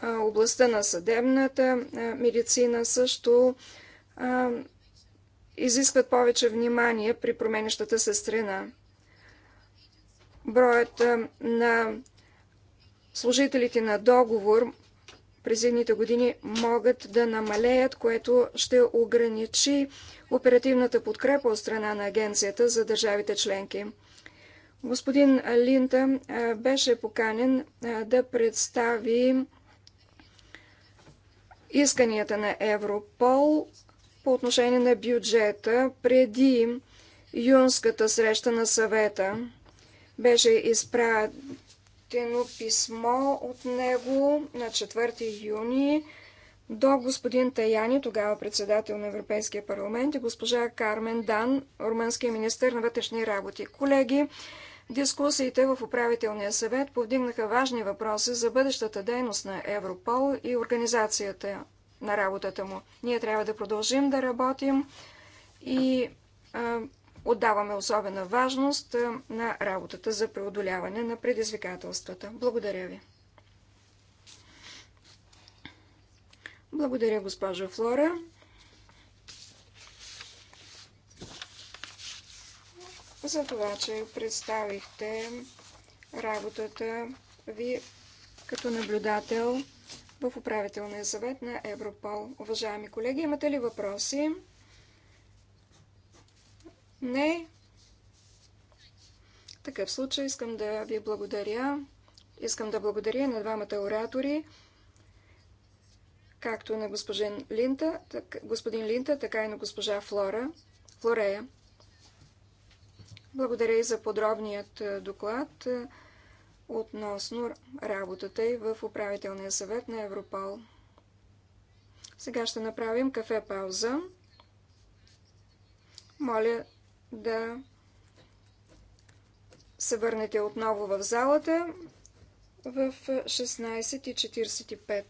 областта на съдебната медицина също изискват повече внимание при променещата се страна. Броят на служителите на договор през едните години могат да намалеят, което ще ограничи оперативната подкрепа от страна на агенцията за държавите членки. Господин Линта беше поканен да представи исканията на Европол по отношение на бюджета преди юнската среща на съвета. Беше изпратен изпратено писмо от него на 4 юни до господин Таяни, тогава председател на Европейския парламент, и госпожа Кармен Дан, румънския министр на вътрешни работи. Колеги, дискусиите в управителния съвет повдигнаха важни въпроси за бъдещата дейност на Европол и организацията на работата му. Ние трябва да продължим да работим и отдаваме особена важност е, на работата за преодоляване на предизвикателствата. Благодаря ви. Благодаря, госпожа Флора. за това, че представихте работата ви като наблюдател в управителния съвет на Европол. Уважаеми колеги, имате ли въпроси? Не. В такъв случай искам да ви благодаря. Искам да благодаря на двамата оратори, както на господин Линта, так, господин Линта, така и на госпожа Флора, Флорея. Благодаря и за подробният е, доклад е, относно работата и в управителния съвет на Европол. Сега ще направим кафе пауза. Моля да се върнете отново в залата в 16.45.